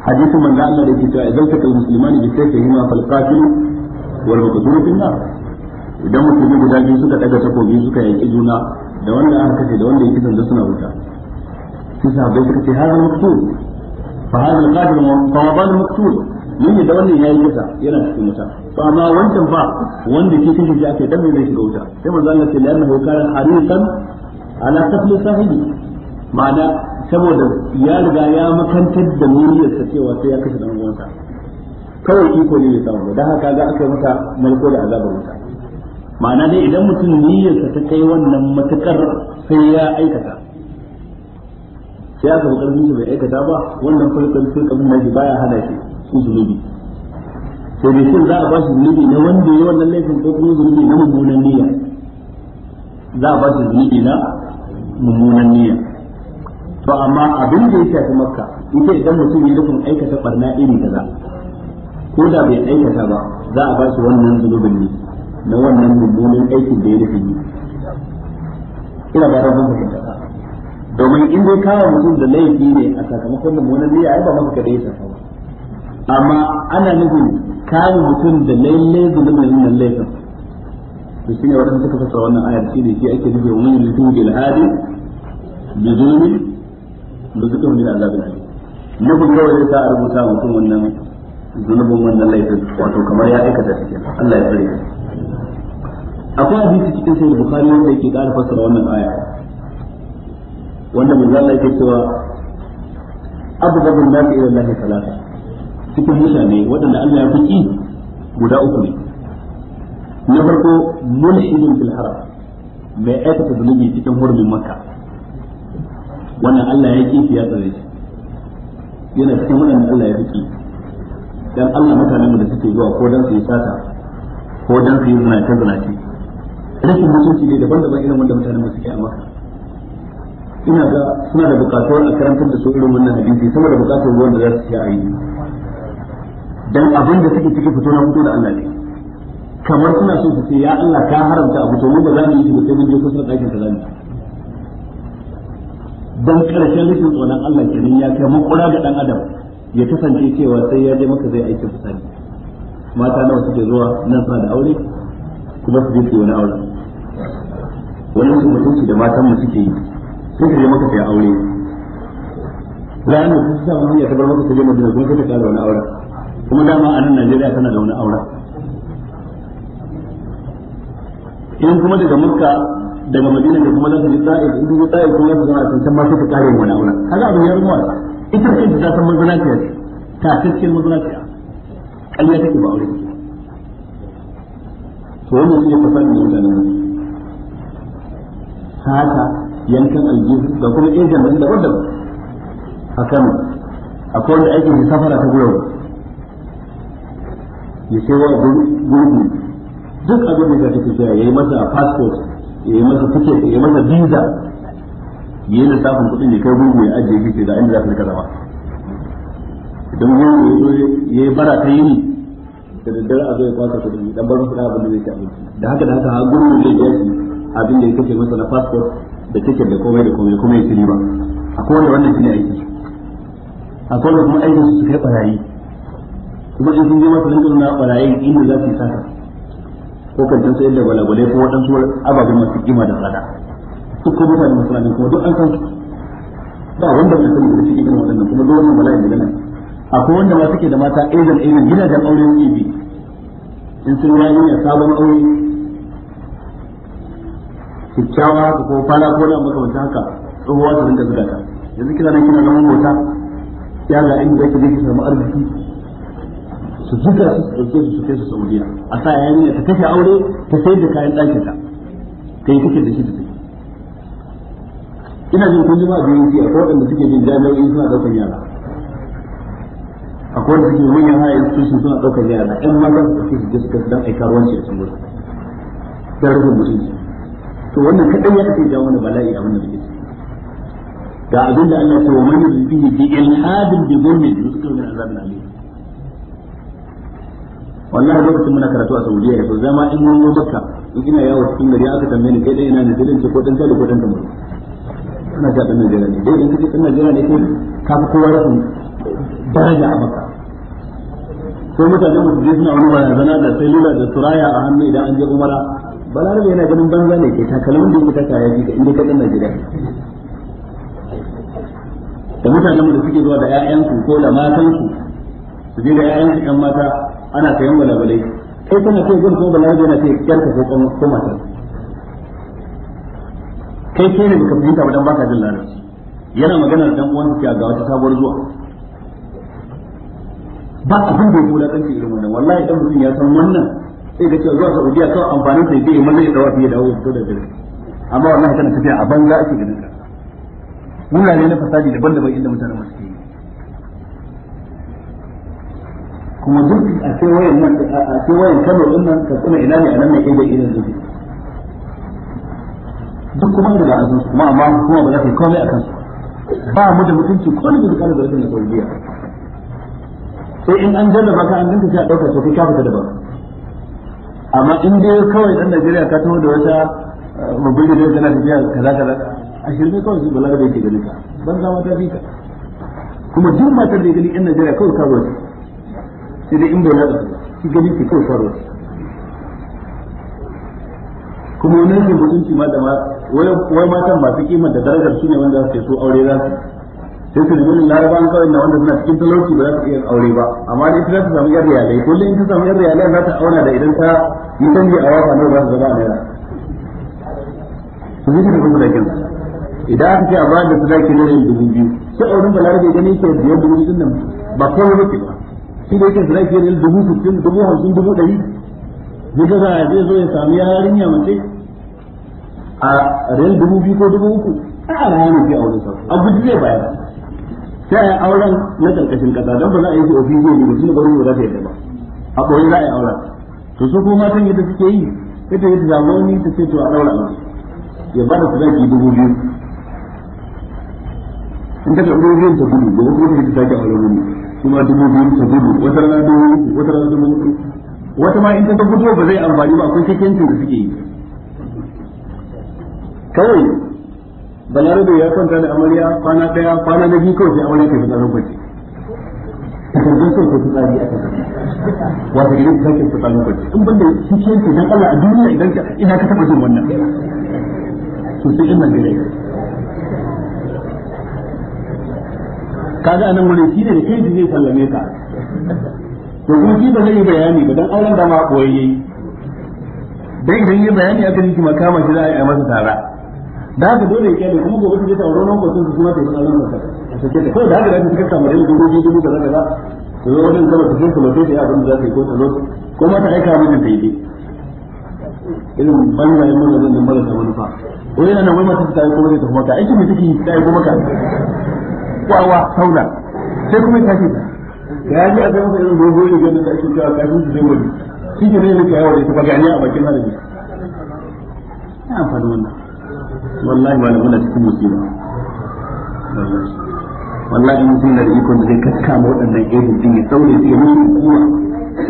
hadisi manzo Allah da ke cewa idan ka kalli musulmani bi sai fahima fal qatil wal maqtul fil nar idan musulmi guda biyu suka daga takobi suka yaki juna da wanda aka kace da wanda yake sanda suna wuta sai bai suka ce hadal maqtul fa hadal qatil wa hadal maqtul mun yi da wannan yayi wuta yana cikin wuta to amma wancan ba wanda ke cikin shi ake dan mai shiga wuta sai manzo Allah ya ce lanna hukara harisan ala qatl sahibi ma'ana saboda ya riga ya makantar da sa cewa sai ya kashe dan uwansa kawai iko ne ya samu dan haka ga aka mata malko da azabar wuta ma'ana dai idan mutum niyyarsa ta kai wannan matukar sai ya aikata sai aka buƙarfin shi bai aikata ba wannan farkon sai kabin naji baya hana shi cikin zunubi to ne shin za a ba shi zunubi na wanda ya wannan laifin ko kuma zunubi na mummunan niyya za a ba shi zunubi na mummunan niyya to amma abin da ya shafi makka ita idan mutum ya nufin aikata barna iri kaza ko da bai aikata ba za a ba shi wannan zunubin ne na wannan mummunan aikin da ya nufin yi ina ba rabin fahimta domin in dai kawo mutum da laifi ne a sakamakon mummunan niyya ai ba maka kadai ya shafa amma ana nufin kare mutum da lalle zulumin nan laifin to shine wadanda suka fasa wannan ayar shi ne shi ake nufi wa man yutu bil hadi bi zulmi da suka mun da azabin ne kun kawai sai ta rubuta mutum wannan zulumin wannan laifin wato kamar ya aikata shi Allah ya tsare akwai hadisi cikin sahih bukhari wanda yake ƙara fassara wannan aya wanda manzo zalla yake cewa abu da bin nabi ila Allah talata. cikin mutane waɗanda Allah ya fi guda uku ne na farko mulhidin bil haram mai aikata zunubi cikin hurumin makka wannan Allah ya kifi ya tsare shi yana cikin waɗanda Allah ya fi dan Allah mutanen da suke zuwa ko dan su yi sata ko dan su yi zinace ce. rashin mutunci ne daban-daban irin wanda mutanen suke a makka ina ga suna da bukatuwar a karantar da su irin wannan hadisi sama da ruwan da za su ci a yi dan abin da suke cikin fito na fito da Allah ne kamar suna so su ce ya Allah ka haramta abu to mu ba za mu yi ba sai mun je kusa da ka zamu dan karshen rikin tsoron Allah kenan ya kai makura ga dan adam ya kasance cewa sai ya je maka zai aikin fitani mata nawa suke zuwa nan sa da aure kuma su je wani aure wani su mutunci da matan mu suke yi sai ka je maka sai aure ranar su sa mu ya tabbatar maka su je madina kuma sai ka da wani aure kuma dama a nan Najeriya tana da wani aura in kuma daga muska daga Madina da kuma za su sa'i in yi sa'i kuma su zama can ma sai ta kare wani aura kaga abin ya rubuwa ita ce ta san mazanaciya ce ta cikin mazanaciya ƙarya take ba aure to wannan shi ne fasarin da mutanen nan sata yankan aljihu da kuma ejan da daban-daban a Kano akwai da aikin safara ta gurewa ya kai wa gurbi duk abin da kake tafiya ya yi masa passport ya yi masa ticket ya yi masa visa ya yi lissafin kudin da kai gurbi ya ajiye gice da inda za ka rika idan gurbi ya yi bara ta yini da daddare a ya kwasa kudin dan barin kuɗa abin da zai ci abinci da haka da haka ha gurbi zai ya ci abin da ya kake masa na passport da ticket da komai da komai kuma ya ci riba akwai wanda wannan shine aiki akwai wanda kuma aikin su kai barayi kuma in sun je masu rinka na barayin inda za su yi sata ko can sayar da balagulai ko waɗansu ababen masu kima da tsada duk ko mutane masu ranar kuma duk an san ba wanda bai sani da cikin waɗannan kuma duk wannan bala'in da nan akwai wanda ma suke da mata aizan gina da aure ne bi in sun rayu ya sabon aure kyawa su ko fara ko na wancan haka tsohuwa su rinka zuga ta yanzu kina nan kina zaman mota ya ga inda zaki je ki samu arziki su zuga su su su kai su Saudiya a sa yarinya ta kashe aure ta sayar da kayan ɗakin ta kai kake da shi da take ina jin kullum a biyu a akwai da suke jin jami'o'i suna ɗaukar yara akwai da suke manyan haya institution suna ɗaukar yara ƴan mata su kai su je su kai dan aika ruwan shi a cikin gurin dan rubin mutunci to wannan kaɗan ya ake jawo mana bala'i a wannan muke ciki ga abin da Allah ya ce wa man yuridu bi ilhadin bi dhulmin yusqal min azabin alim wallahi lokacin muna karatu a Saudiya da zama in mun zo in ina yawo cikin gari aka tambaye ni kai dai ina ne dalilin ce ko dan tare ko dan kamar ina ga dan Najeriya ne dai in kace dan Najeriya ne kai ka fi kowa rafin daraja a Makka ko mutane mu je suna wani barazana da salula da suraya a hannu idan an je Umara balarabe yana ganin banza ne ke takalmin da yake taka ya ji ka inda ka dan Najeriya da mutanen da suke zuwa da 'ya'yansu ko da matansu su je da 'ya'yansu 'yan mata ana ta sayan balabalai kai kana ce gun kuma balabalai yana ce yarka ko kuma ta kai ke ne baka fahimta ba dan baka jin larabci yana magana da dan uwan ki ga wata sabuwar zuwa ba abin da ya kula kanki irin wannan wallahi dan mutum ya san wannan sai da cewa zuwa Saudiya kawai amfanin sai bai mun da wafi da wuce da dare amma wannan kana tafiya a banza ake ganin ka wurare na fasadi daban-daban inda mutane masu ke kuma duk a kewayen nan a kewayen Kano din nan ka kuma ina ne a nan ne kai da irin zubi duk kuma da azu kuma amma kuma ba za ka komai a kansu ba mu da mutunci ko ne da kana da wannan tarbiyya sai in an jalla baka an dinka sai a dauka sai kai ka fita da ba amma in dai kawai dan Najeriya ka taho da wata mabudi eh, da yana tafiya kaza kaza a shirme kawai su balaga da yake ganin ka banza ma ta kuma duk matar da gani yan Najeriya kawai ka zo sai dai in bai su gani ke kai faruwa kuma wani yankin mutunci ma da ma wai matan masu da darajar shine wanda wanda suke so aure za su sai su rubuta larabawan kawai na wanda suna cikin talauci ba za su iya aure ba amma dai ta samu yar riyalai kullum in ta samu yar riyalai za ta auna da idan ta yi canji a wata nawa za su zama a naira su zai da kyan idan aka ce a ba da sadaki na yin dubu biyu sai auren balarabe gani ke biyar dubu biyu nan ba kawai rufe ba shi da yake zira fiye da dubu sittin dubu hamsin dubu ɗari ya ga zai zo ya sami yarinya mace a riyal dubu biyu ko dubu uku a a rayuwa mafi auren sa a guji zai bayar sai a auren na ƙarƙashin ƙasa don ba za a yi su ofi zai ne shi da gwamnati ba za ta yadda ba a ɓoye za a yi auren to su kuma matan yadda suke yi ita yadda zamani ta ce to a ɗaura a ya ba da su zaki dubu biyu in ta karɓi dubu biyu ta gudu da wasu ta sake auren wani kuma dubu biyu ta gudu wata rana dubu wata rana dubu uku wata ma in ta gudu ba zai amfani ba akwai kakkencin da suke yi kawai balarabe ya kwanta da amarya kwana daya kwana na biyu kawai sai amarya ta fita lokaci takardun sun kai tsari a kan wata gari ta kai fita lokaci in banda kakkencin dan Allah a duniya idan ina ka taba jin wannan sosai in nan gare kaga anan wurin shi ne da kai zai sallame ka to kuma shi ba zai yi bayani ba dan auren da ma koyayye dan idan yi bayani aka yi kuma kama shi za a yi masa tara da haka dole ya kyale kuma gobe ta tauro nan kwatin su kuma ta yi a sake ta kawai da haka da ta kasa mai dubu biyu dubu kaza kaza ta zo wajen kawai ta kinsa lokaci ta yi abin da za ta yi ko ta ko ma ta aika mijin ta yi dai irin mun da zan da marasa manufa ko yana nan wai mata ta yi kuma ta kuma ka aiki mai take ta yi kuma ka wawa saulan sai kuma ta da ya ji a kan irin dogo ne ganin da ake cewa kafin su zai wani shi ne ne ka yawo da ita bagani a bakin harabi ya amfani wannan wallahi ba na cikin musiba wallahi mutum na da ikon da zai kakkama waɗannan irin din ya daure su ya musu hukuma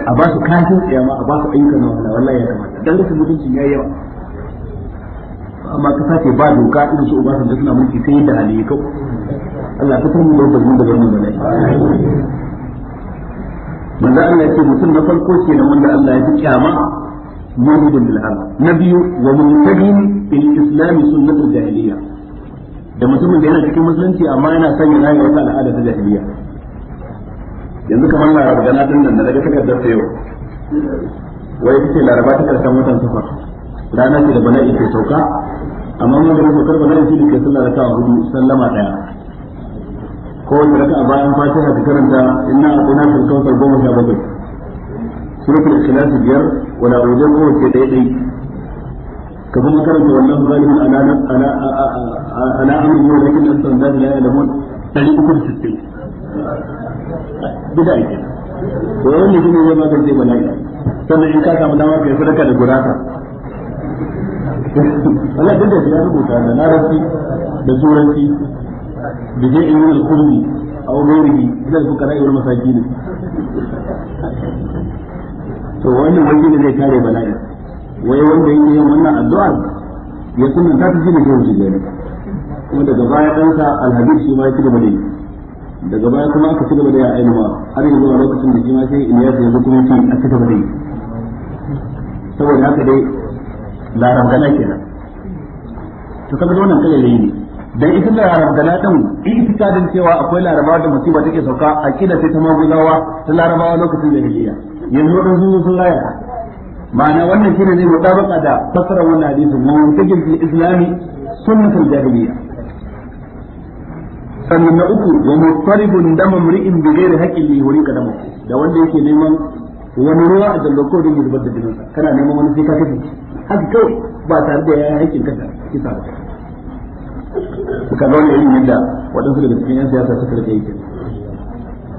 a ba su kafin tsiyama a ba su ayyukan na wahala wallahi ya kamata dan rashin mutunci ya yawa amma ka sace ba doka irin su ubasan da suna mulki sai da hali kawai Allah ya fitar mu da wannan daga wannan bala'i manzo Allah ya ce mutum na farko kenan wanda Allah ya fi kyama mawjudun bil arab na biyu wa mutadin bil islam sunnatul jahiliya da mutumin da yana cikin musulunci amma yana son ya rayu wata al'ada ta jahiliya yanzu kamar laraba gana din nan da daga takardar ta yau wai ita ce laraba ta karshen watan safar rana ce da bala'i ke sauka amma mun ga saukar bala'i shi da ke sallar raka'a hudu sallama daya ko wata raka a bayan fatiha ta karanta inna atuna fil kawthar goma sha bakwai suratul ikhlas biyar wala wajen ko wace dai dai ka kuma karanta wannan zalimin ala ala ala amin yau lakin an san dalla ya lamun dari uku da sittin bida ake to wannan shine zai magance bala'i sannan in ka samu dama kai sadaka da gurasa Allah duk ya rubuta da larabci da turanci a wani بجيء من الخبز fukara غيره إلى الفقراء والمساكين to wannan wani ne zai kare bala'i wai wanda yake yin wannan addu'a ya sunan ta tafi da yau jigari kuma daga baya ɗansa alhabib shi ma ya ci gaba da yi daga baya kuma aka ci gaba da ya ainuwa har yanzu a lokacin da shi ma sai ina ya yanzu kuma shi a ci gaba da yi saboda haka dai larabgana kenan to kaga wannan kayayyaki ne dan ita da in din itikadin cewa akwai larabawa da musiba take sauka a kida sai ta maguzawa ta larabawa lokacin da jahiliya yanzu dan sun sun raya ma'ana wannan shine ne mutabaka da fasara wannan hadisi mun take fil islami sunnatul jahiliya sannan na uku wa mutaribun dama mri'in bi ghairi haqqin li yurika kadam da wanda yake neman wani ruwa a dallako yi yurbar da dininsa kana neman wani sai ka kace haka kawai ba tare da yayin haƙƙin kasa kisa ba ka ga wani irin yadda waɗansu daga cikin 'yan siyasa suka rage yi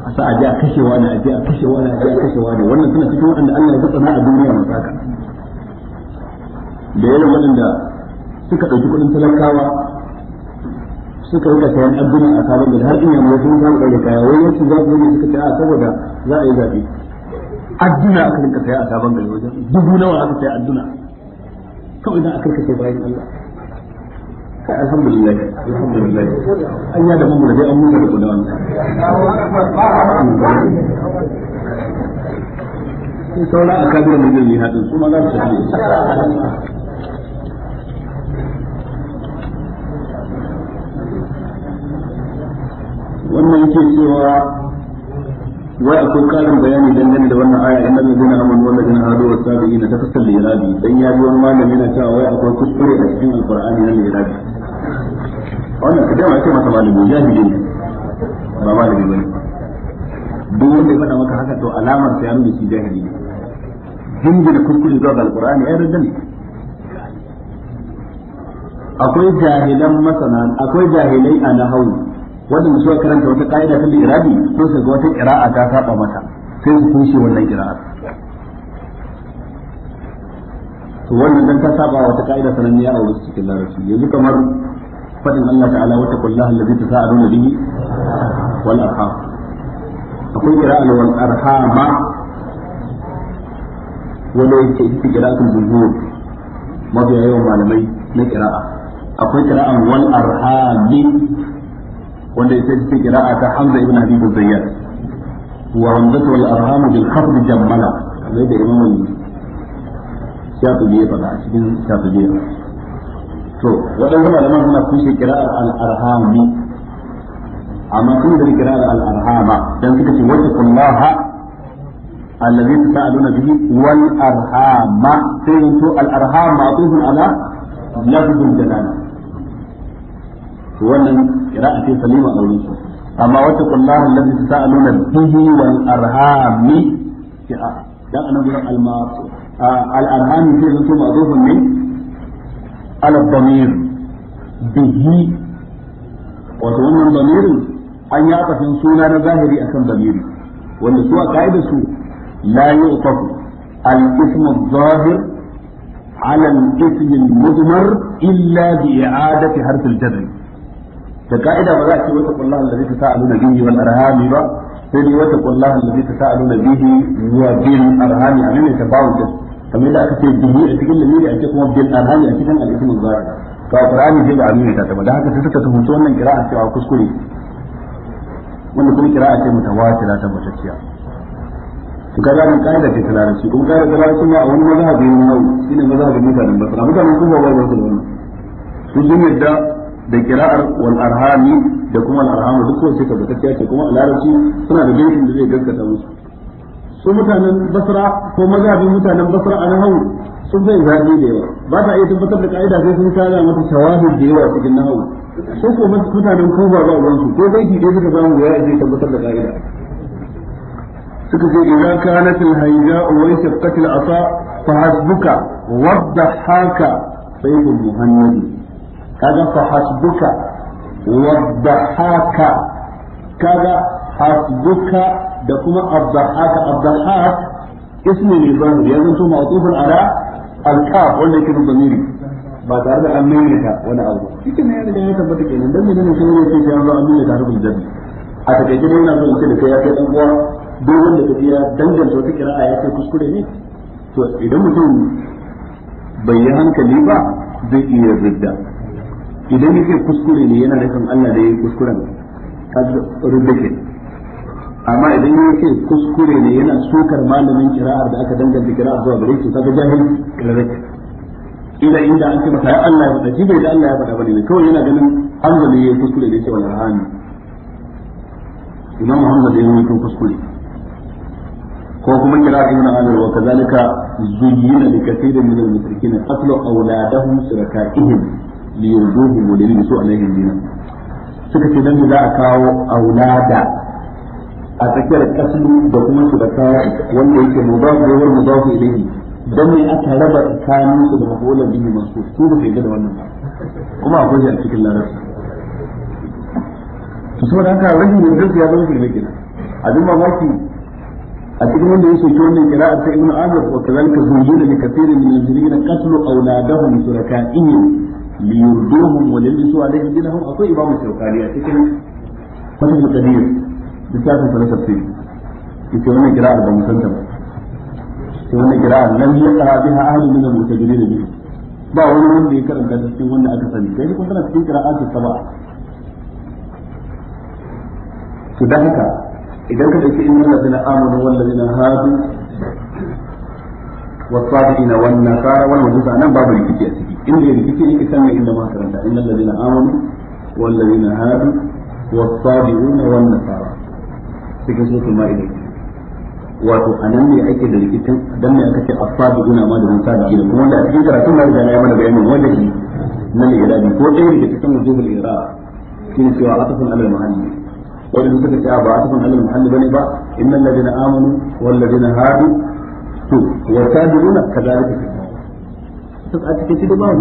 a sa a je a kashe wani a je a kashe wani a je a kashe wani wannan suna cikin waɗanda Allah ya zutsa na a duniya masu haka da yawan waɗanda suka ɗauki kuɗin talakawa suka rika sayan abin a sabon gari har ina mai sun samu ɗaure kaya wani yankin za su yi suka ce a saboda za a yi zaɓe adduna aka rinka saya a sabon gari wajen dubu nawa aka saya adduna kawai idan aka rika sai bayan Allah kai alhamdulillah alhamdulillah an ya da mu da dai an mu da kudawan sai saura a kabir mu zai yi hadin su ma za su tafi wannan yake cewa wai akwai karin bayani dangane da wannan aya inna allazina amanu wal ladina hadu was sabiina tafassal lirabi dan ya ji wani malami yana cewa wai akwai kuskure a cikin alqur'ani na lirabi wannan ka dama ce masa malami jahili ne ba malami bane duk wanda ya faɗa maka haka to alamar sa ya nuna shi jahili ne jingina kuskure zuwa ga alqur'ani ai radda ne akwai jahilan masana akwai jahilai a nahawu wanda suka karanta wata ka'ida ta irabi to sai ga wata qira'a ta saba mata sai su kushe wannan qira'a to wannan dan ta saba wata ka'ida sananniya a wurin cikin larabci yanzu kamar fadin Allah ta'ala wa taqullaha allazi tasaaluna bihi wal arham akwai qira'al wal arhama wanda yake ita qira'atul jumhur mafi yawan malamai na qira'a akwai qira'an wal arhami wanda yake ita qira'a ta Hamza ibn Abi Zayyad wa hamzatu wal arham bil khafd jammala kamar da imamu Shafi'i ya faɗa cikin Shafi'i to waɗansu malaman suna kushe kira'ar al amma kuma da kira'ar al dan suka ce wata kullaha allazi tasaaluna bihi wal arhama sai yanzu al-arham ma'tufun ala lafzul jalala to wannan kira'a ce salima a wurin su amma wata kullaha allazi tasaaluna bihi wal arhami kira'a dan anan gurin al-ma'tuf al-arhami sai yanzu ma'tufun ne ala damir bihi wato wannan damirin an yi akafin suna na zahiri akan damiri wanda su a ka'ida su la yuqafu al-ism adh-dhahir ala al-ism mudmar illa bi i'adati harf al-jar da ka'ida ba za a ce wata kullahan ba sai dai wata kullahan a ne ta bawo kamar yadda aka ce bihi a cikin lamiri a ce kuma bil arhami a cikin al-ismu zahir to alqur'ani sai ba amini ta ba da haka sai suka tuhunci wannan qira'a cewa kuskure wanda kuma qira'a ce mutawatira ta mutacciya to kaga nan kaida ce ta larabci kuma kaida ta larabci ne a wani mazhabi ne nau shine mazhabi mutanen basra mutanen kuma ba ba su da wannan su sun yadda da kiraar wal arhami da kuma al arhamu duk wacce ta mutacciya ce kuma a larabci suna da dinkin da zai gaskata musu su mutanen basra ko mazhabin mutanen basra a nahawu sun zai zaɓi da yawa ba ta iya tabbatar da ka'ida sai sun kaga mata shawahid da yawa cikin nahawu su ko mutanen kuba ba ruwan su ko zai kike suka samu ya zai tabbatar da ka'ida suka ce idza kanat al hayda wa shaqqat al asa fa hasbuka wadhahaka sayyidul muhammadi kaga fa hasbuka wadhahaka kaga hasbuka da kuma abdahaka abdahak ismi ne zahir ya zanto ma'tufun ala alqaf wanda yake da zamiri ba tare da an maimaita wani abu cikin ne ya riga ya tabbata kenan dan menene shi ne yake ya zo an maimaita harfin jazm a takaice ne yana so ce da kai ya kai dan uwa duk wanda kaji ya danganta wata kira'a ya kai kuskure ne to idan mutum bai yi hankali ba zai iya ridda idan yake kuskure ne yana nufin Allah da ya yi kuskuren rubda kenan amma idan ya ce kuskure ne yana sukar malamin kira'ar da aka danganta kira'ar zuwa gare shi kaga jahil kirarake ila inda an ce masa ya Allah ya faɗa shi bai da Allah ya faɗa bane kawai yana ganin Hamza ne yayi kuskure da yake wal rahani Imam Hamza da yayi kuskure ko kuma kira kira'ar Ibn Amir wa kazalika zuyyina li kathirin min al-mushrikeen qatlu awladahum shirakaihim li yuduhum wa liyusu alaihim dinan suka ce dan za a kawo aulada a tsakiyar kaslu da kuma su da kaya wanda yake mudafu da wal da ilayhi don ne aka raba tsakanin su da mafulan bihi masu su da kai da wannan kuma akwai a cikin larabci to saboda haka rashin yanzu ya zama shirme kenan abin mamaki a cikin wanda ya soke wannan kira'ar ta ibnu amir wa kazalika zuyina li kathirin min al-muslimina qatlu awladahum shuraka'ihim liyurduhum wa lillisu alaihim dinahum akwai imamu shaukani a cikin fatul qadir littafin sa na tafsir yace wannan kira'ar ba mu santa ba sai wannan kira'ar lam yaqra biha ahadun min al-mutajirrin bihi ba wani wanda ya karanta ta cikin wanda aka sani kai kun tana cikin kira'atu sab'a to dan haka idan ka dauki innal ladina amanu wal ladina hadu والصابئين والنصارى والمجوس أنا باب الكتير إن الكتير كتاب إلا ما كرنت إن الذين آمنوا والذين هادوا والصابئون والنصارى cikin suratul ma'ida wato ne ake da dan ne aka ce ma da mun da kuma a cikin karatun na mana wanda shi na ko ɗaya daga cikin cewa alal wanda suka ce ba atafun alal bane ba amanu wal ladina hadu to wa a cikin shi da ba mu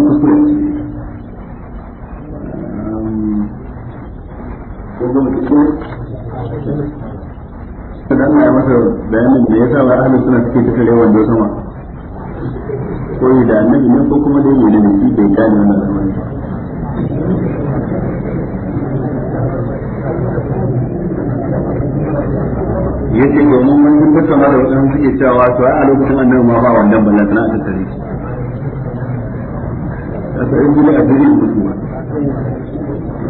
ko kada Allah ya masa bayanin da yasa ba ahlus sunna suke ta kare wanda sama koyi da annabi ne ko kuma dai ne da shi bai gane wannan lamarin ya ce domin mun sun tattauna da wasu suke cewa a lokacin annabi ma ba wannan ballan sana ta a sai gudu a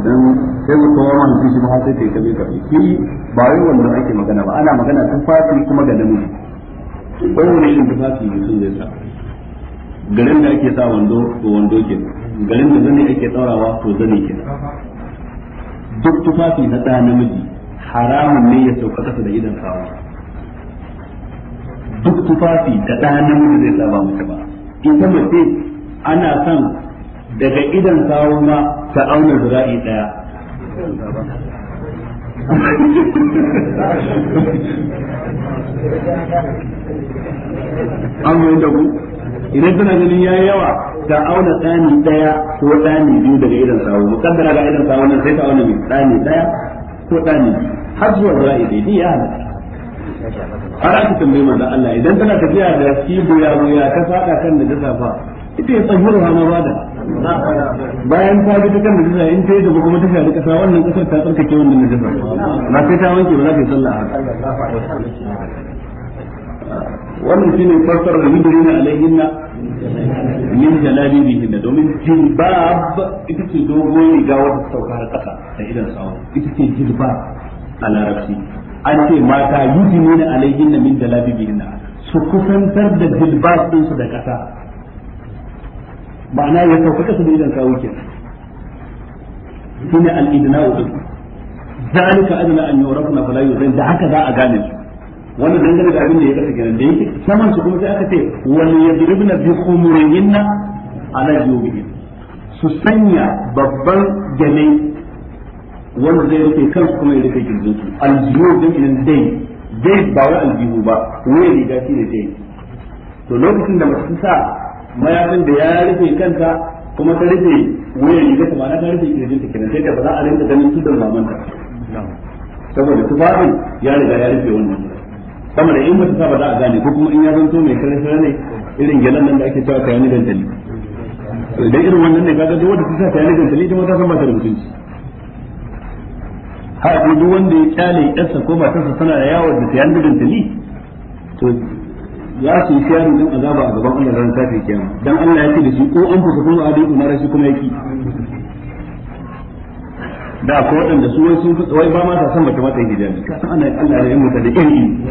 dan sai mu tsawon man kishi ba sai kai kabe kabe shi ba wai wanda ake magana ba ana magana tun fasi kuma ga namiji ko wani shin tufafi ne sun zai sa garin da ake sa wando to wando ke garin da zane ake daurawa to zane ke duk tufafi na da namiji haramun ne ya sauka kasa da idan sawa duk tufafi da da namiji zai sa ba mace ba ita mace ana son daga idan sawo ma ta auna zira'i daya an yi da ku idan tana ganin ya yi yawa ta auna tsani daya ko tsani biyu daga idan sawu mukaddara ga idan sawu nan sai ta auna mai tsani daya ko tsani har zuwa zira'i daidai ya halatta har aka tambaye manzo Allah idan tana tafiya da kibo ya ya ta fada kan da ta safa ita ya tsahuru hana da. bayan ta bi ta da jisa in ta yi da kuma ta shafi kasa wannan kasar ta tsarkake wannan najasa ba sai ta wanke ba za ta yi sallah wannan shi ne da shine fassarar yudrina na min jalabi jalabibihim domin jilbab ita ce dogon riga wata sauka har kasa da idan sawo ita ce jilbab a larabci an ce mata yudrina na min jalabi jalabibihim su kusantar da jilbab ɗinsu da kasa ma'ana ya sauka kasa da idan kawo kenan shine al-idna'u din zalika adna an yurafna fala yuzin da haka za a gane su wannan dangane da abin da ya kasa kenan da yake saman su kuma sai aka ce wal yadribna bi khumurihinna ala jubihin su sanya babban gane wanda zai rufe kansu kuma ya rufe kirjin su aljihu din nan dai dai ba wai aljihu ba wai riga shi ne dai to lokacin da mace sa mayafin da ya rufe kanta kuma ta rufe wuyan yi ta ma'ana ta rufe kirjin ta kenan sai da ba za a rinka ganin tudun mamanta saboda tufafin ya riga ya rufe wannan sama da in ba ta saba za a gane ko kuma in ya zanto mai karfi ne irin gelan nan da ake cewa kayan dantali da irin wannan ne kaga duk wanda ta sa kayan dantali ita ma ta san ba ta da mutunci har duk wanda ya kyale ƴarsa ko matarsa tana yawon da kayani dantali to za su yi sharing don azaba a gaban Allah ran kafin kiyama dan Allah ya ce da shi ko an fusa kuma adai kuma rashi kuma yake da ko da su wai sun wai ba ma ta san bata mata hijabi ka Allah ana Allah ya yi mata da yi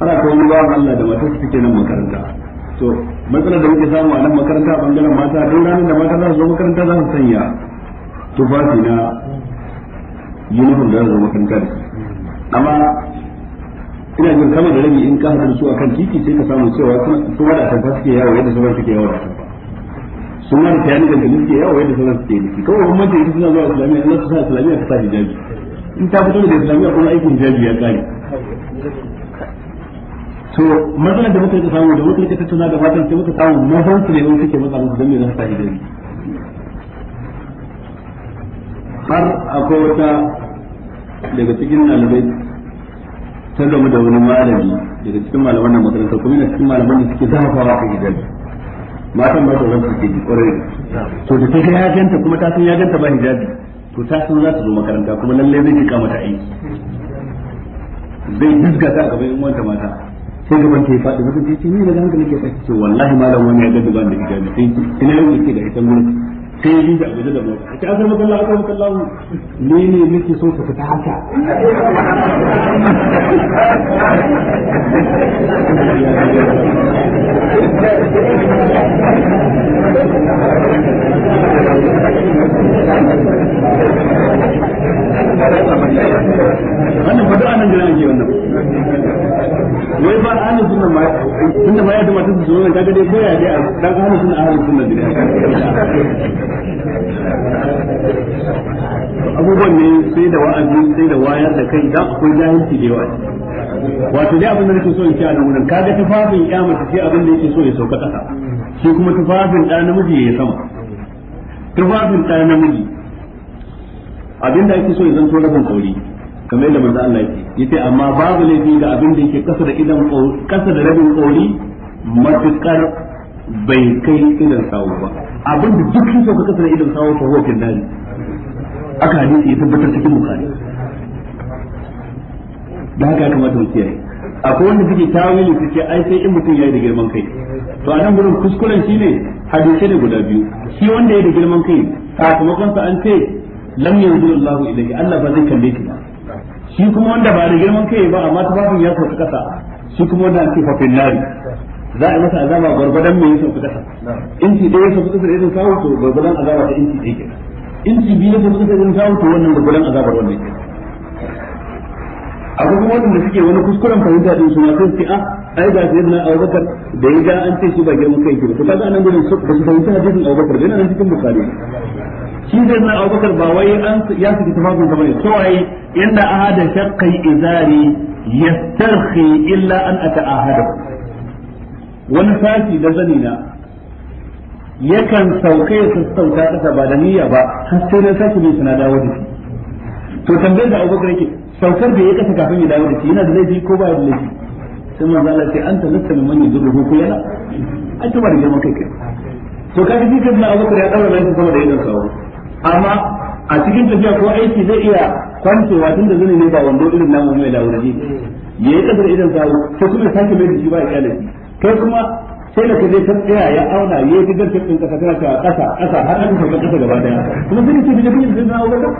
ana ko yi ba Allah da mata su take nan makaranta to matsalar da muke samu a nan makaranta a bangaren mata don ranar da mata za su zo makaranta za su sanya tufafi na uniform da za su zo makaranta da amma ina jin sama da rabi in ka hada su akan titi sai ka samu cewa su wada ta suke yawo yadda sauran suke yawo da ta sun ma da tayani da suke yawo yadda sauran suke yi kawai kuma da suna zuwa islamiyya Allah su sa islamiyya ta sa hijabi in ta fito da islamiyya kuma aikin hijabi ya tsari to matsalar da muka samu da muka tattauna da fatan sai muka samu mazan su ne wani suke matsa musu don me za su sa hijabi har akwai wata daga cikin ɗalibai ta gamu da wani malami daga cikin malaman nan makarantar kuma yana cikin malaman da suke fara kan gidan matan ba ta zanta ke ji to da ta ya ganta kuma ta san ya ganta ba hijabi to ta san za ta zo makaranta kuma lallai zai jika mata aiki zai dizga ta gaban yan wanda mata sai gaban ta ya faɗi mutum ce ni da hankali ke tsaki. ce wallahi malam wani ya ganta ba da hijabi sai ina yau ke da ita gurin sai ya dinga abuja da mota a kasar makallah akwai makallah ne ne nake so ka fita haka wannan fado anan gidan ake wannan wai ba ahli sunna ma tunda ma ya da matan su wannan kaga dai koya dai dan ahli sunna ahli sunna ne abubuwan ne sai da wa'azi sai da wayar da kai da akwai jahilci da yawa wato dai abin da nake so in ce a nan wurin kaga tufafin ya mace sai abin da yake so ya sauka kasa shi kuma tufafin da namiji ya sama tufafin da namiji abinda ake so ya to rabin kauri kamar yadda manzo Allah yake yace amma babu laifi ga abinda da yake kasa da idan kasa da rabin kauri matukar bai kai idan sawo ba abinda duk shi ka kasa da idan sawo ko huwa kin dani aka hadisi ya tabbatar cikin bukhari da haka kamata mu kiyaye akwai wanda suke tawili suke ai sai in mutum yayi da girman kai to a nan gurin kuskuren shine hadisi ne guda biyu shi wanda yayi da girman kai sakamakon sa an ce lam yanzu Allah ilayhi Allah ba zai kalle ki ba shi kuma wanda ba da girman kai ba amma tufafin ya sauka kasa shi kuma wanda ake fafin nari za a yi masa azaba gwargwadon mai ya sauka kasa inci ɗaya ya sauka da irin kawo to gwargwadon azaba ta inci ɗaya kenan inci biyu ya sauka da irin kawo to wannan gwargwadon azabar wannan kenan akwai kuma wanda suke wani kuskuren fahimta din su masu ce ah ai ga sai na Abubakar da ya ga an ce shi ba girman kai ke ba kaga anan gurin su ba su fahimci hadisin Abubakar da yana nan cikin Bukhari shi zai na abubakar ba wai an ya su tafafin kamar to ai inda ahada shaqqi izari yastarhi illa an aka ata'ahada wani sashi da zani na yakan sauka ya sassauta kasa ba da niyya ba har sai dai sashi ne suna dawo da shi to tambayar da abubakar yake saukar da ya kasa kafin ya dawo da shi yana da laifi ko ba da laifi sai manzo Allah sai anta lasta min man yuzuru ko yana an tuba da jama'a kai kai to kaga shi kan Abubakar ya daura laifin sama da yadda sawo amma a cikin tafiya ko aiki zai iya kwancewa tun da zuni ne ba wando irin namu mai ne ya yi kasar idan sawu sai kuma sake mai da shi ba ya lafi kai kuma sai da ka zai kan tsaya ya auna ya yi gidan tafin kasa kana ta kasa kasa har an kafa kasa gaba daya kuma sai ce bi da kuma zai na wata ka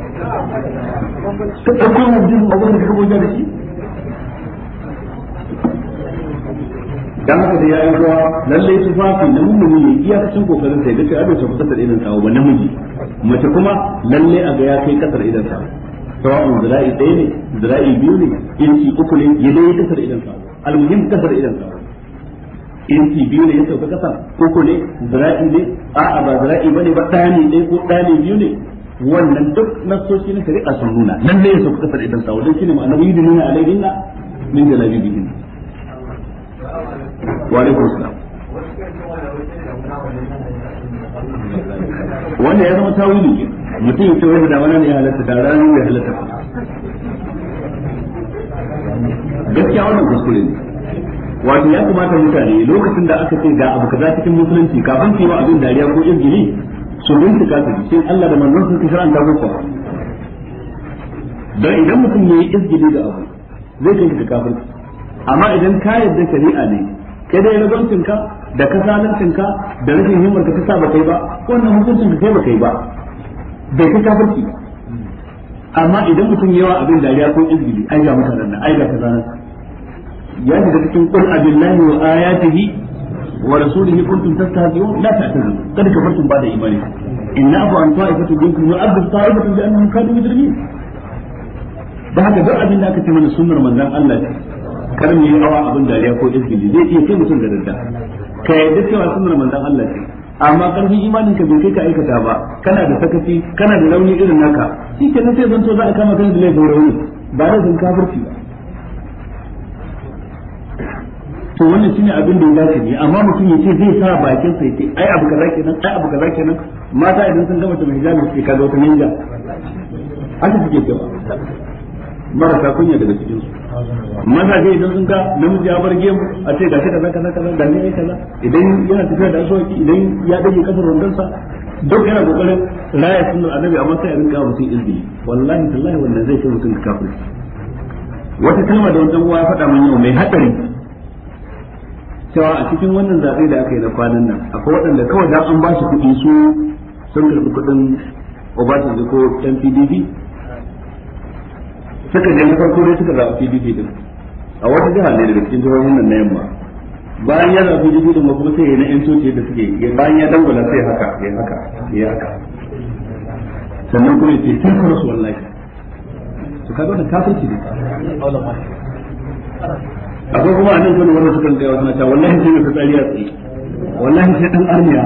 ɗauko jin abin ka kuma da shi dan haka da yayin kowa lalle tufafi na mummuni ne cikin kokarin sai dace abin ta kusa idan sawo ba namiji mace kuma lalle a ga ya kai kasar idan sawo sawa'un zira'i ɗaya ne zira'i biyu ne inci uku ne ya dai kasar idan sawo almuhim kasar idan sawo inci biyu ne ya sauka kasa uku ne zira'i ne a'a ba zira'i bane ba ɗaya ne ɗaya ko ɗaya biyu ne wannan duk nasoshi na shari'a sun nuna lalle ya sauka kasar idan sawo dan shine ma'anar yi da yidinuna alaihinna min jalabi jalabibihinna wa salam wanda ya zama tawili mutum ya ce wai da mana ne halatta da ranar ya halatta gaskiya wannan kuskure ne wato ya kamata mutane lokacin da aka ce ga abu kaza cikin musulunci kafin su yi wa abin dariya ko gini su bincika su cikin Allah da manzon sun kishar an dawo ko don idan mutum ya yi izgili da abu zai kai ka kafin amma idan ka yarda shari'a ne sai dai ragwancinka da kasalancinka da rashin himmar ka kasa ba kai ba wannan hukuncin ka kai ba kai ba bai kai kafirci ba amma idan mutum yawa abin dariya ko izgili ai ga mutanen nan ai ga kasalan ya shiga cikin qul abillahi wa ayatihi wa rasulihi kuntum tastahzi'un la ta'tazun kada ka kafartum ba da imani inna abu an ta'ifatu minkum wa abdu ta'ifatu bi annahum kanu mujrimin da haka duk abin da aka ce mana sunnar manzon Allah kar mu yi awa abin dariya ko izgili zai iya kai mutum da dadda ka yarda cewa sunnar manzon Allah ce amma karfin imanin ka bai kai ka aikata ba kana da sakaci kana da rauni irin naka shi kenan sai zanto za a kama kan da laifin rauni ba da zan kafirci ba to wannan shine abin da ya dace ne amma mutum ya ce zai sa bakin sa yake ai abu kaza kenan ai abu kaza kenan mata idan sun gama ta mai hijabi sai zo wata ninja haka suke cewa marasa kunya daga cikin su mazaje idan sun ga namiji ya bar gemu a ce gashi kaza kaza kaza da ne kaza idan yana tafiya da asoki idan ya dage kafar rundunsa duk yana kokarin raya sunan annabi amma sai a rinka mutum izini wallahi tallahi wannan zai ce mutum da wata kalma da wannan uwa ya faɗa min yau mai haɗari cewa a cikin wannan zaɓe da aka yi na kwanan nan akwai waɗanda kawai da an ba su kuɗi su sun karɓi kuɗin obatin ko MPDB suka je na farko dai suka zaɓi PDP din a wata jiha ne daga cikin jihohin nan na yamma bayan ya zaɓi PDP din kuma sai na yan soke da suke bayan ya dangwala sai haka ya haka ya haka sannan kuma ya ce sun kuma su wallahi su kaga wannan kafirci ne akwai kuma a nan kuma wanda suka gaya wata ta wallahi sai ta tsariya tsaye wallahi sai dan armiya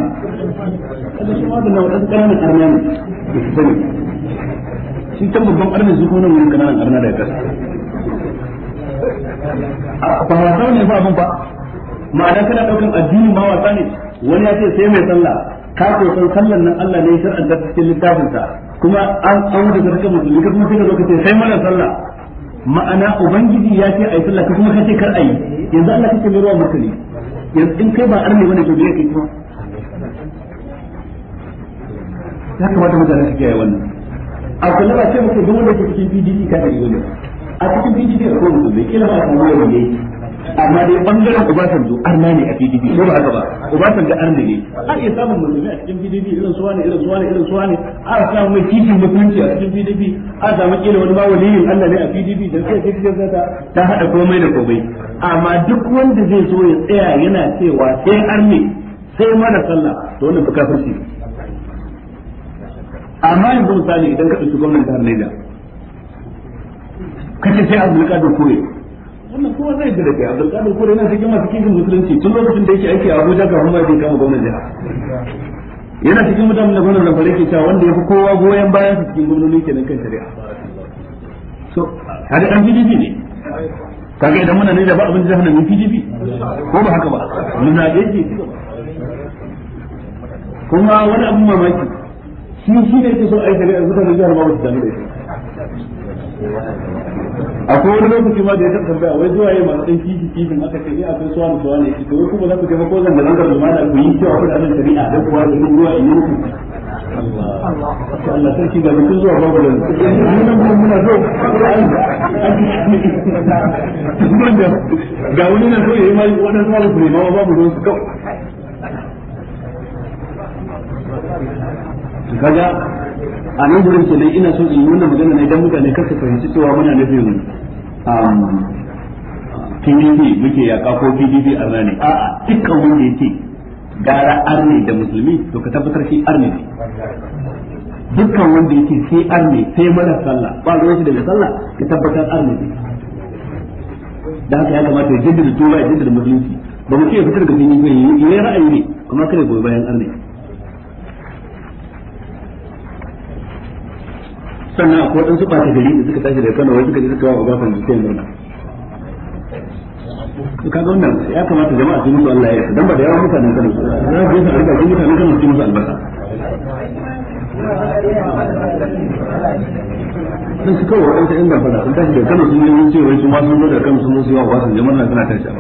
kada shi ma da wadansu ƙananan armiya ne su sani shi can babban arna su nan wurin kananan arna daga kasa a wasa ne ba abin ba ma'ana kana daukan addini ma wasa ne wani ya ce sai mai sallah ka ko san sallan nan Allah ne shar'an da cikin littafin sa kuma an an da zaka musulmi kuma sai ka zo ka ce sai mana sallah ma'ana ubangiji ya ce ayi sallah ka kuma kace kar ayi yanzu Allah kake mai ruwa musulmi yanzu in kai ba arne bane to bai kai kuma ya kamata mutane su kiyaye wannan a kullum a ce muku duk wanda ke cikin PDP kada yi ne a cikin PDP a kowane gobe kila ba a samu yawan ne amma dai bangaren Obasanjo arna ne a PDP ko ba haka ba Obasanjo arna ne an iya samun musulmi a cikin PDP irin suwa ne irin suwa ne irin suwa ne a samu mai titin mutunci a cikin PDP a samu kila wani ma waliyin Allah ne a PDP dan sai cikin ta ta hada komai da komai amma duk wanda zai so ya tsaya yana cewa sai arne sai mana sallah to wannan fi kafirci amma yanzu misali idan ka ɗauki gwamnan jihar Niger kace sai Abdulkadir Kure wannan kowa zai da kai Abdulkadir Kure yana cikin masu kishin musulunci tun lokacin da yake aiki a Abuja ga kuma bai kama gwamnan jihar yana cikin mutanen da gwamnan Zamfara yake cewa wanda ya fi kowa goyon bayan su cikin gwamnoni kenan kan shari'a so kaga dan PDP ne kaga idan muna ne da ba abin da zai hana PDP ko ba haka ba mun zabe shi kuma wani abin mamaki shi shi ne yake so a yi shari'a mutanen jihar ma ba su damu da ita akwai wani lokaci ma da ya a tambaya wai zuwa yi masu ɗan kishi kishin aka ce ni akwai suwa da suwa ne ki kawai kuma za ku taimako zan da zangar lumana ku yi cewa kuna nan shari'a don kuwa da duk ruwa in yi muku Allah sarki ga mutum zuwa babu da ni nan muna ga wani na so ya yi ma wani zuwa ku ne kawai kaga a nan gurin kenan ina so in nuna magana ne dan mutane kar su fahimci cewa muna nufin PDP um, muke yaƙa ko PDP a a a'a dukkan wanda yake gara arne da musulmi to ka tabbatar shi arne ne dukkan wanda yake sai arne sai mara sallah ba ruwan shi daga sallah ka tabbatar arne ne da haka ya kamata ya jaddada tuba ya jaddada musulunci ba mu ce fitar da dini ba yi ra'ayi ne kuma kada goyi bayan arne sannan akwai wadansu ɓata gari da suka tashi daga Kano wai suka je suka wa gafan Obasanjo sai murna kaga wannan ya kamata jama'a su musu Allah ya yarda dan ba da yawan mutanen Kano su na je su rika mutanen Kano su musu albasa sun suka wa wadansu ɗan gafara sun tashi daga Kano sun yi cewa su masu zo daga Kano sun zo su yawa Obasanjo jama'a suna tashi a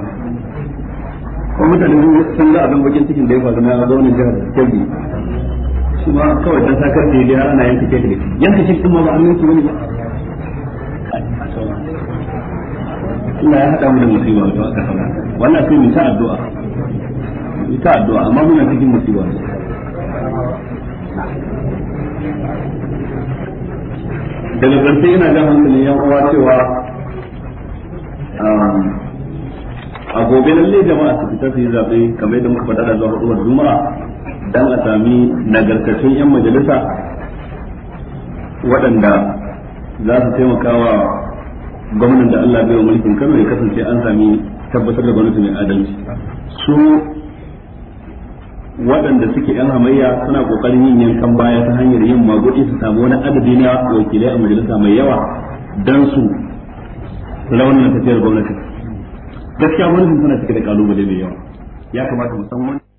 kuma mutanen sun za a dan bakin cikin da ya faru na gwamnatin jihar Kebbi shi ma kawai dan sakar da ya ana yanka kek ne yanka kek kuma ba an ba Allah ya hada mu da musiba wato aka fara wannan sai mu ta addu'a mu ta addu'a amma muna cikin musiba daga ƙarshe yana jan hankalin yan uwa cewa um, a gobe lalle jama'a su fita su yi zaɓe kamar yadda muka faɗa da zuwa hudu juma'a dan a sami nagartattun 'yan majalisa waɗanda za su taimaka wa gwamnan da Allah bai wa mulkin Kano ya kasance an sami tabbatar da gwamnati mai adalci su waɗanda suke 'yan hamayya suna ƙoƙarin yin yankan baya ta hanyar yin magudi su samu wani adadi na wakilai a majalisa mai yawa don su launin tafiyar gwamnati gaskiya gwamnatin suna cike da kalubale mai yawa ya kamata mu